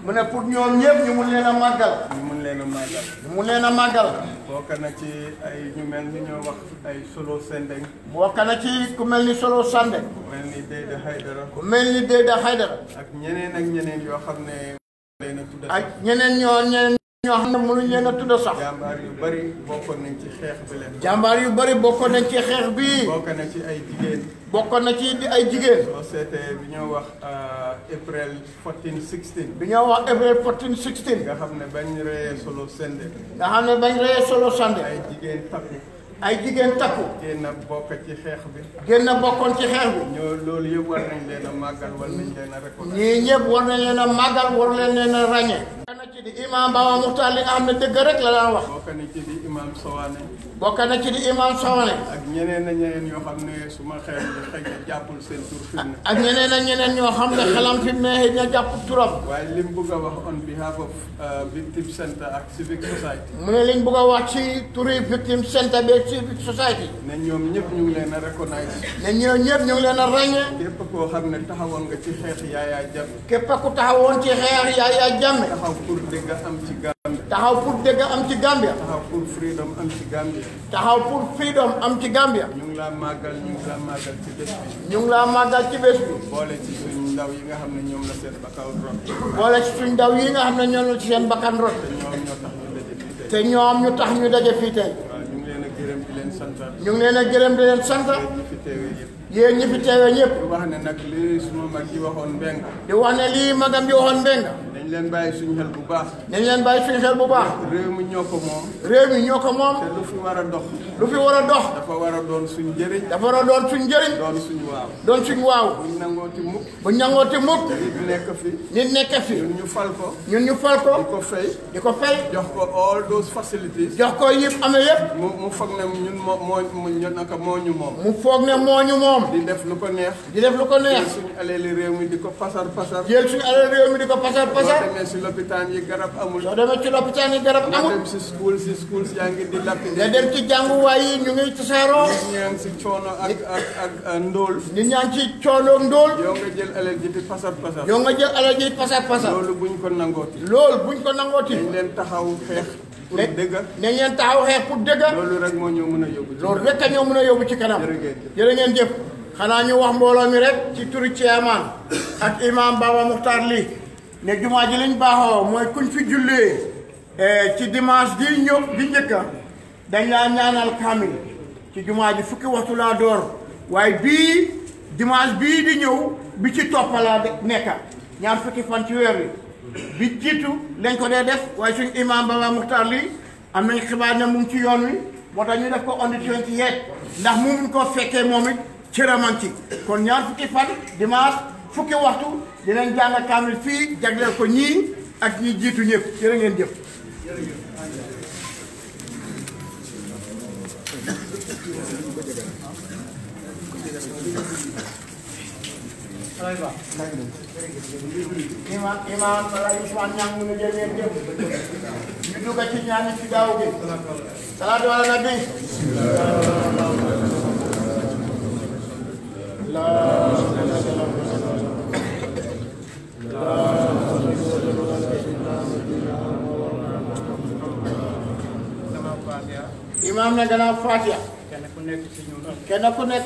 mu ne pour ñoom ñëpp ñu mun leen a màggal. ñu mun leen a màggal. ñu mun leen a màggal. bokk na ci ay ñu mel ni ñoo wax ay solo sendeng. bokk na ci ku mel ni solo sandeng. ku mel ni Dédé Haydara. ku mel ni Dédé Haydara. ak ñeneen ak ñeneen yoo xam ne. ak ñeneen ñoo ñeneen ñoo xam ne mënuñ leen a tudd sax. jàmbaar yu bari bokkoon nañ ci xeex bi leen. jàmbaar yu bari bokkoon nañ ci xeex bi. bokk na ci ay bokkoon na ci ay jigéen. soo seetee bi ñoo wax euh, April 14 16. bi ñoo wax April 14 16. nga xam ne bañ reyee solo sende. nga xam ne bañ reyee solo sende. ay jigéen tapi. ay jigéen takku. génn bokk ci xeex bi. génn bokkoon ci xeex bi. ñoo loolu yëpp war nañ leen a màggal war nañ leen a récolter. ñii ñëpp war a a ràññee. ne dëgg ñoo xam ne su ma xeex xëy na jàppul seen tur fi mu ak ñeneen ñoo xam ne xelam fi mu ne xëy na jàpp turam. waaye li mu a wax on behalf of uh, victim center ak civic society. mu ne li mu a wax ci turi victim center bi civil society. ne ñoom ñëpp ñu ngi leen a recognize. ne ñoom ñëpp ñu ngi leen a ràññee. képp xam ne taxawoon nga ci xeex Yaya Jammeh. képp ku taxawoon ci xeex Yaya Jammeh. taxaw pour dégg am ci Gambia. taxaw pour dégg am ci Gambia. taxaw pour freedom am ci Gambia. taxaw pour freedom am ci Gambia. ñu ngi ñu ngi laa màggal ci bés bi. ñu ngi laa màggal ci boole ci yi nga xam ne ñoom la seen bakkan rot. boole ci suñ yi nga xam ne ñoom la seen bakkan rot. te ñoom ñu tax ñu daje fii tey ñu ngi leen a gërëm di leen sant. yéen ñi fi teewee ñëpp. di ne nag lii suma mag ji waxoon mbeng. di wax ne lii magam ji waxoon mbeng. dañ leen bàyyi suñu xel bu baax. dañ leen bàyyi suñu xel bu baax. réew mi ñoo ko moom. réew mi ñoo ko moom. lu war a dox. lu war a suñu njëriñ. dafa war a doon suñu njëriñ. doon suñu waaw. doon suñu waaw. buñ nangooti mukk. buñ nangooti mukk. nit nekk fi. nit nekk fi. ñun ñu fal ko. ñun ñu fal ko. di ko fay. di yëpp amee yëpp. mu mu foog ne ñun moo moo moom. mu foog ne ñu moom. di def lu ko neex. di def lu ko neex. jël suñu alali di ko pasar pasar. jël suñu alali réew mi di ko pasar pasar. demee si lopitaan yi garab amul. soo demee ci lopitaan yi garab amul. dem si school si school yaa ngi di lapide. nga dem ci jànguwaay yi ñu ngi tasaaroo. nit ñaa ngi si ak ak ak ndóol. nit ñaa nga jël di pasar pasar. yow nga jël di pasar pasar. loolu buñ ko nangooti. loolu buñ ko nangooti. dañ leen taxaw xeex. ne ngeen taxaw xeex pour dëgg. loolu rek moo ñoo mën a yóbbu. rek a ñoo mën a ci kanam. ngeen jëf ñu wax mi rek ci turu ak imam Baba Muxtar lii ne jumaa ji lañ baaxoo mooy kuñ fi jullee eh, ci dimanche di ñëw di njëkka dañ laa ñaanal kaamil ci jumaa ji fukki waxtu laa door waaye bii dimanche bii di ñëw bi ci toppalaa nekka ñaar fukki fan ci weer bi bi jiitu lañ ko dee def waaye suñ imam Baba Muxtaar lii am nañ xibaar ne mu ci yoon wi moo tax ñu def ko on the twenty eight ndax mu ngi ko fekkee moom it cëraman ci kon ñaar fukki fan dimanche fukki waxtu dinañ jàng kamu fi jagle ko ñi ak ñi jitu ñep jërë ngeen jëf ngeen jëf imaam na gannaaw Faatiha. kenn ku nekk ci ñun. kenn ku nekk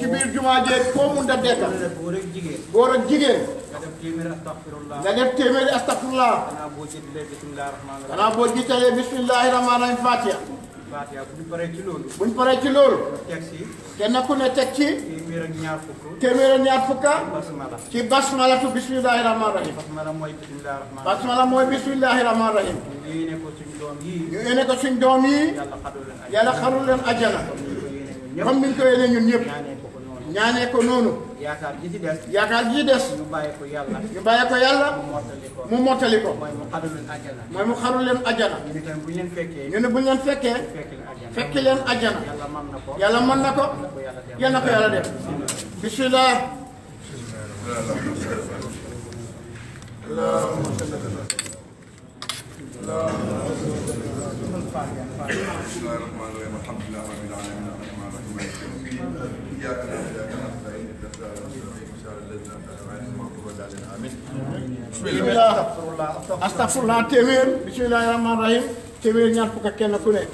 ci biir jumaa jee koo mun da dekka. góor ak jigéen. góor ak jigéen. nga def téeméeri astafurlah. nga def téeméeri bismillaahi rahmaani rahiim. gannaaw Fatiha bu ñu paree ci loolu. bu ñu paree ci loolu. teg ci. te na ku ne teg ci. téeméer ak ñaar fukk. téeméer ak ñaar fukka. ci basmala. ci basmalatu bismillahi rahmaani rahim. basmala mooy bismillahi rahmaani rahim. ñu yéene ko suñ doom yii. ñu yéene ajana. yàlla xarul ni ñu ko yéene ñun ñëpp. ñaanee ko noonu. yaakaar ji ci des. yaakaar ji des. ñu bàyyi yàlla. ñu bàyyi ko yàlla. mu mottali ko mooy mu xaru leen ajana. mooy mu xaru leen ñu ne tamit bu ñu leen fekkee. ñu ne bu ñu leen fekkee. fekk leen ajana. yàlla mën na ko. yàlla na ko. yàlla ko yàlla def. bisimilah. bismillahi rahmaani téeméer bismillahi rahmaani rahim téeméer ñaar fukk kenn ku ne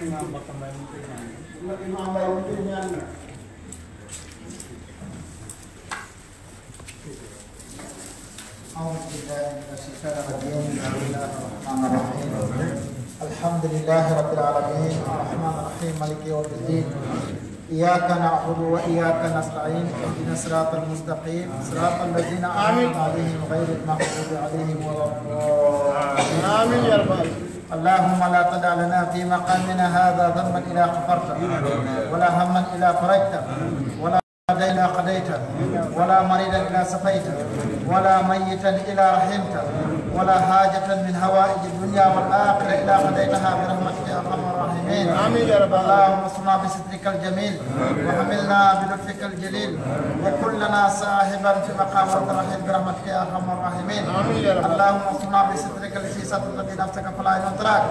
ngambak kembali makin nambah rutinnya أعوذ بالله من الشيطان الرجيم بسم الله الرحمن الرحيم الحمد لله رب العالمين الرحمن الرحيم مالك يوم الدين إياك نعبد وإياك نستعين اهدنا الصراط المستقيم صراط الذين أنعمت عليهم غير المغضوب عليهم ولا الضالين آمين يا رب العالمين اللهم لا تدع لنا في مقامنا هذا ذنبا الى غفرته ولا هما الى فرجته ولا دينا قضيته ولا مريضا الى سقيته ولا ميتا الى رحمته ولا حاجة من هوائج الدنيا والآخرة إلا قضيتها برحمتك يا أرحم المسلمين امين يا رب اللهم الجميل وحملنا بلطفك الجليل وكلنا صاحبا في مقام الرحيم برحمتك يا ارحم الراحمين اللهم صل رب اللهم الذي بسترك الذي نفسك فلا ينطرك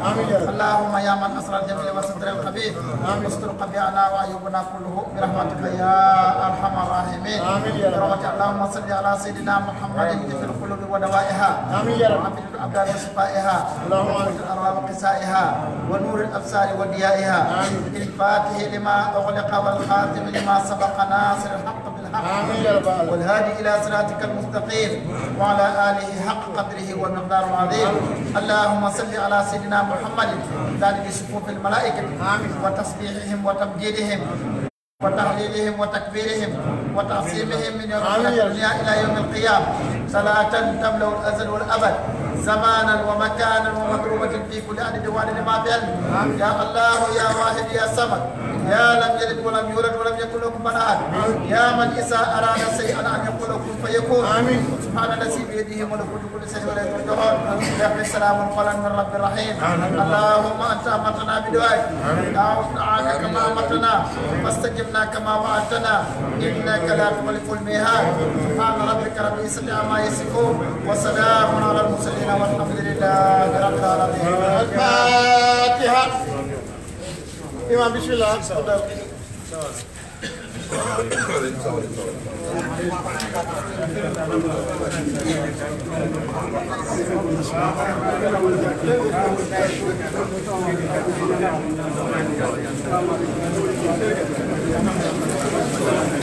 اللهم يا من اسرى الجميل وستر الخبيث استر قبيعنا وايوبنا كله برحمتك يا ارحم الراحمين امين اللهم صل على سيدنا محمد في القلوب ودوائها آمين يا رب وعافية الأبدان وشفائها اللهم آمين الأرواح ونور الأبصار وديائها آمين الفاتح لما أغلق والخاتم لما سبق ناصر الحق بالحق آمين يا رب العالمين والهادي إلى صراطك المستقيم وعلى آله حق قدره والمقدار العظيم اللهم صل على سيدنا محمد ذلك صفوف الملائكة آمين وتسبيحهم وتمجيدهم وتهليلهم وتكبيرهم وتعصيمهم من يوم الدنيا إلى يوم القيامة صلاة تملأ الأزل والأبد zamanan wa makanan wa makrubatin fi kulli adad wa adad ma fi ya allah ya wahid ya samad ya lam yalid wa lam yulad wa lam yakul lahu kufuwan ahad ya man isa arada shay'an an yakul lahu kufuwan fayakun amin subhana allazi bi yadihi malakutu kulli shay'in la yakun lahu ya rabbi salam wa qalan min rabbir rahim allahumma anta matana bi du'ai da'awna kama matana fastajibna kama wa'atana innaka la tukhliful mihad subhana rabbika rabbil izzati amma yasifun wa salamun ala al mursalin العالمين والحمد لله رب العالمين الفاتحة إمام بسم الله Thank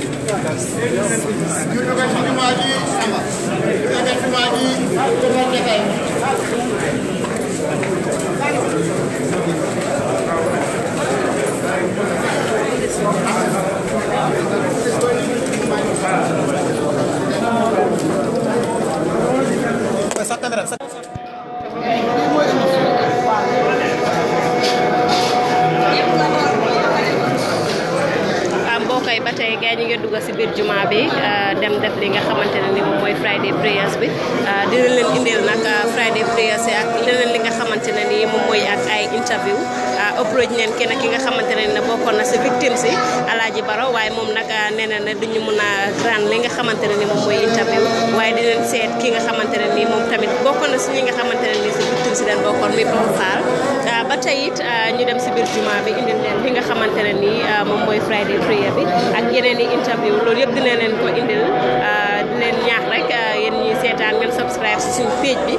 you. Começar a câmera. mooy ba tey gars ñu ngi dugg si biir juma bi euh, dem def li nga xamante ne ni moom mooy Friday prayers bi euh, dina leen indil nag euh, Friday prayers yi ak leneen li nga xamante nii moom mooy ak ay interview ah, approche neen kenn ki nga xamante ne nii bokkoon na si victime si Alaaji Baro waaye moom nag ah, nee na ne duñu mën a grand li nga xamante ne ni moom mooy interview waaye dinañ seet ki nga xamante ne nii moom tamit bokkoon na si ñi nga xamante ne nii bokkoon muy Pape Fall ah, ba tey ñu dem si biir juma bi indil nga xamante ne nii moom mooy Friday prayer bi ak yeneen i interview loolu yëpp dina leen ko indil subscribe si suñu page bi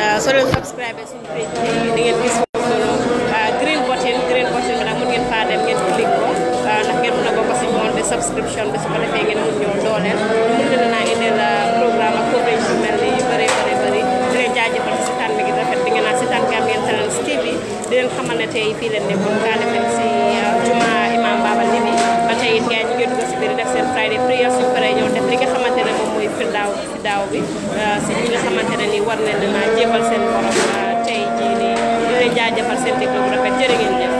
euh, soo leen subscribe suñu page bi di ngeen gis foofu noonu euh, green button green button bi nag mën ngeen faa dem ngeen click ko euh, ndax ngeen mën a bokk si monde de subscription bi su ko defee ngeen mën ñoo dooleel mën na naa indil programme ak coverage yu mel ni yu bëree bëri bëri di leen jaajëfal si seetaan bi ngeen rafet di ngeen naan seetaan Gambian Talents TV di leen xamal ne tey fii leen nekkoon kaa defee si juma imam Baba Libi ba tey it gars yi ñu ngi dugg si biir def seen Friday prayer suñu paree ñëw def li nga xam fi daaw bi euh, si ñi nga xamante ne nii war nañ la jébbal seen borom euh, tey jii nii di leen jaajëfal seen déglu bu rafet jërë ngeen jëf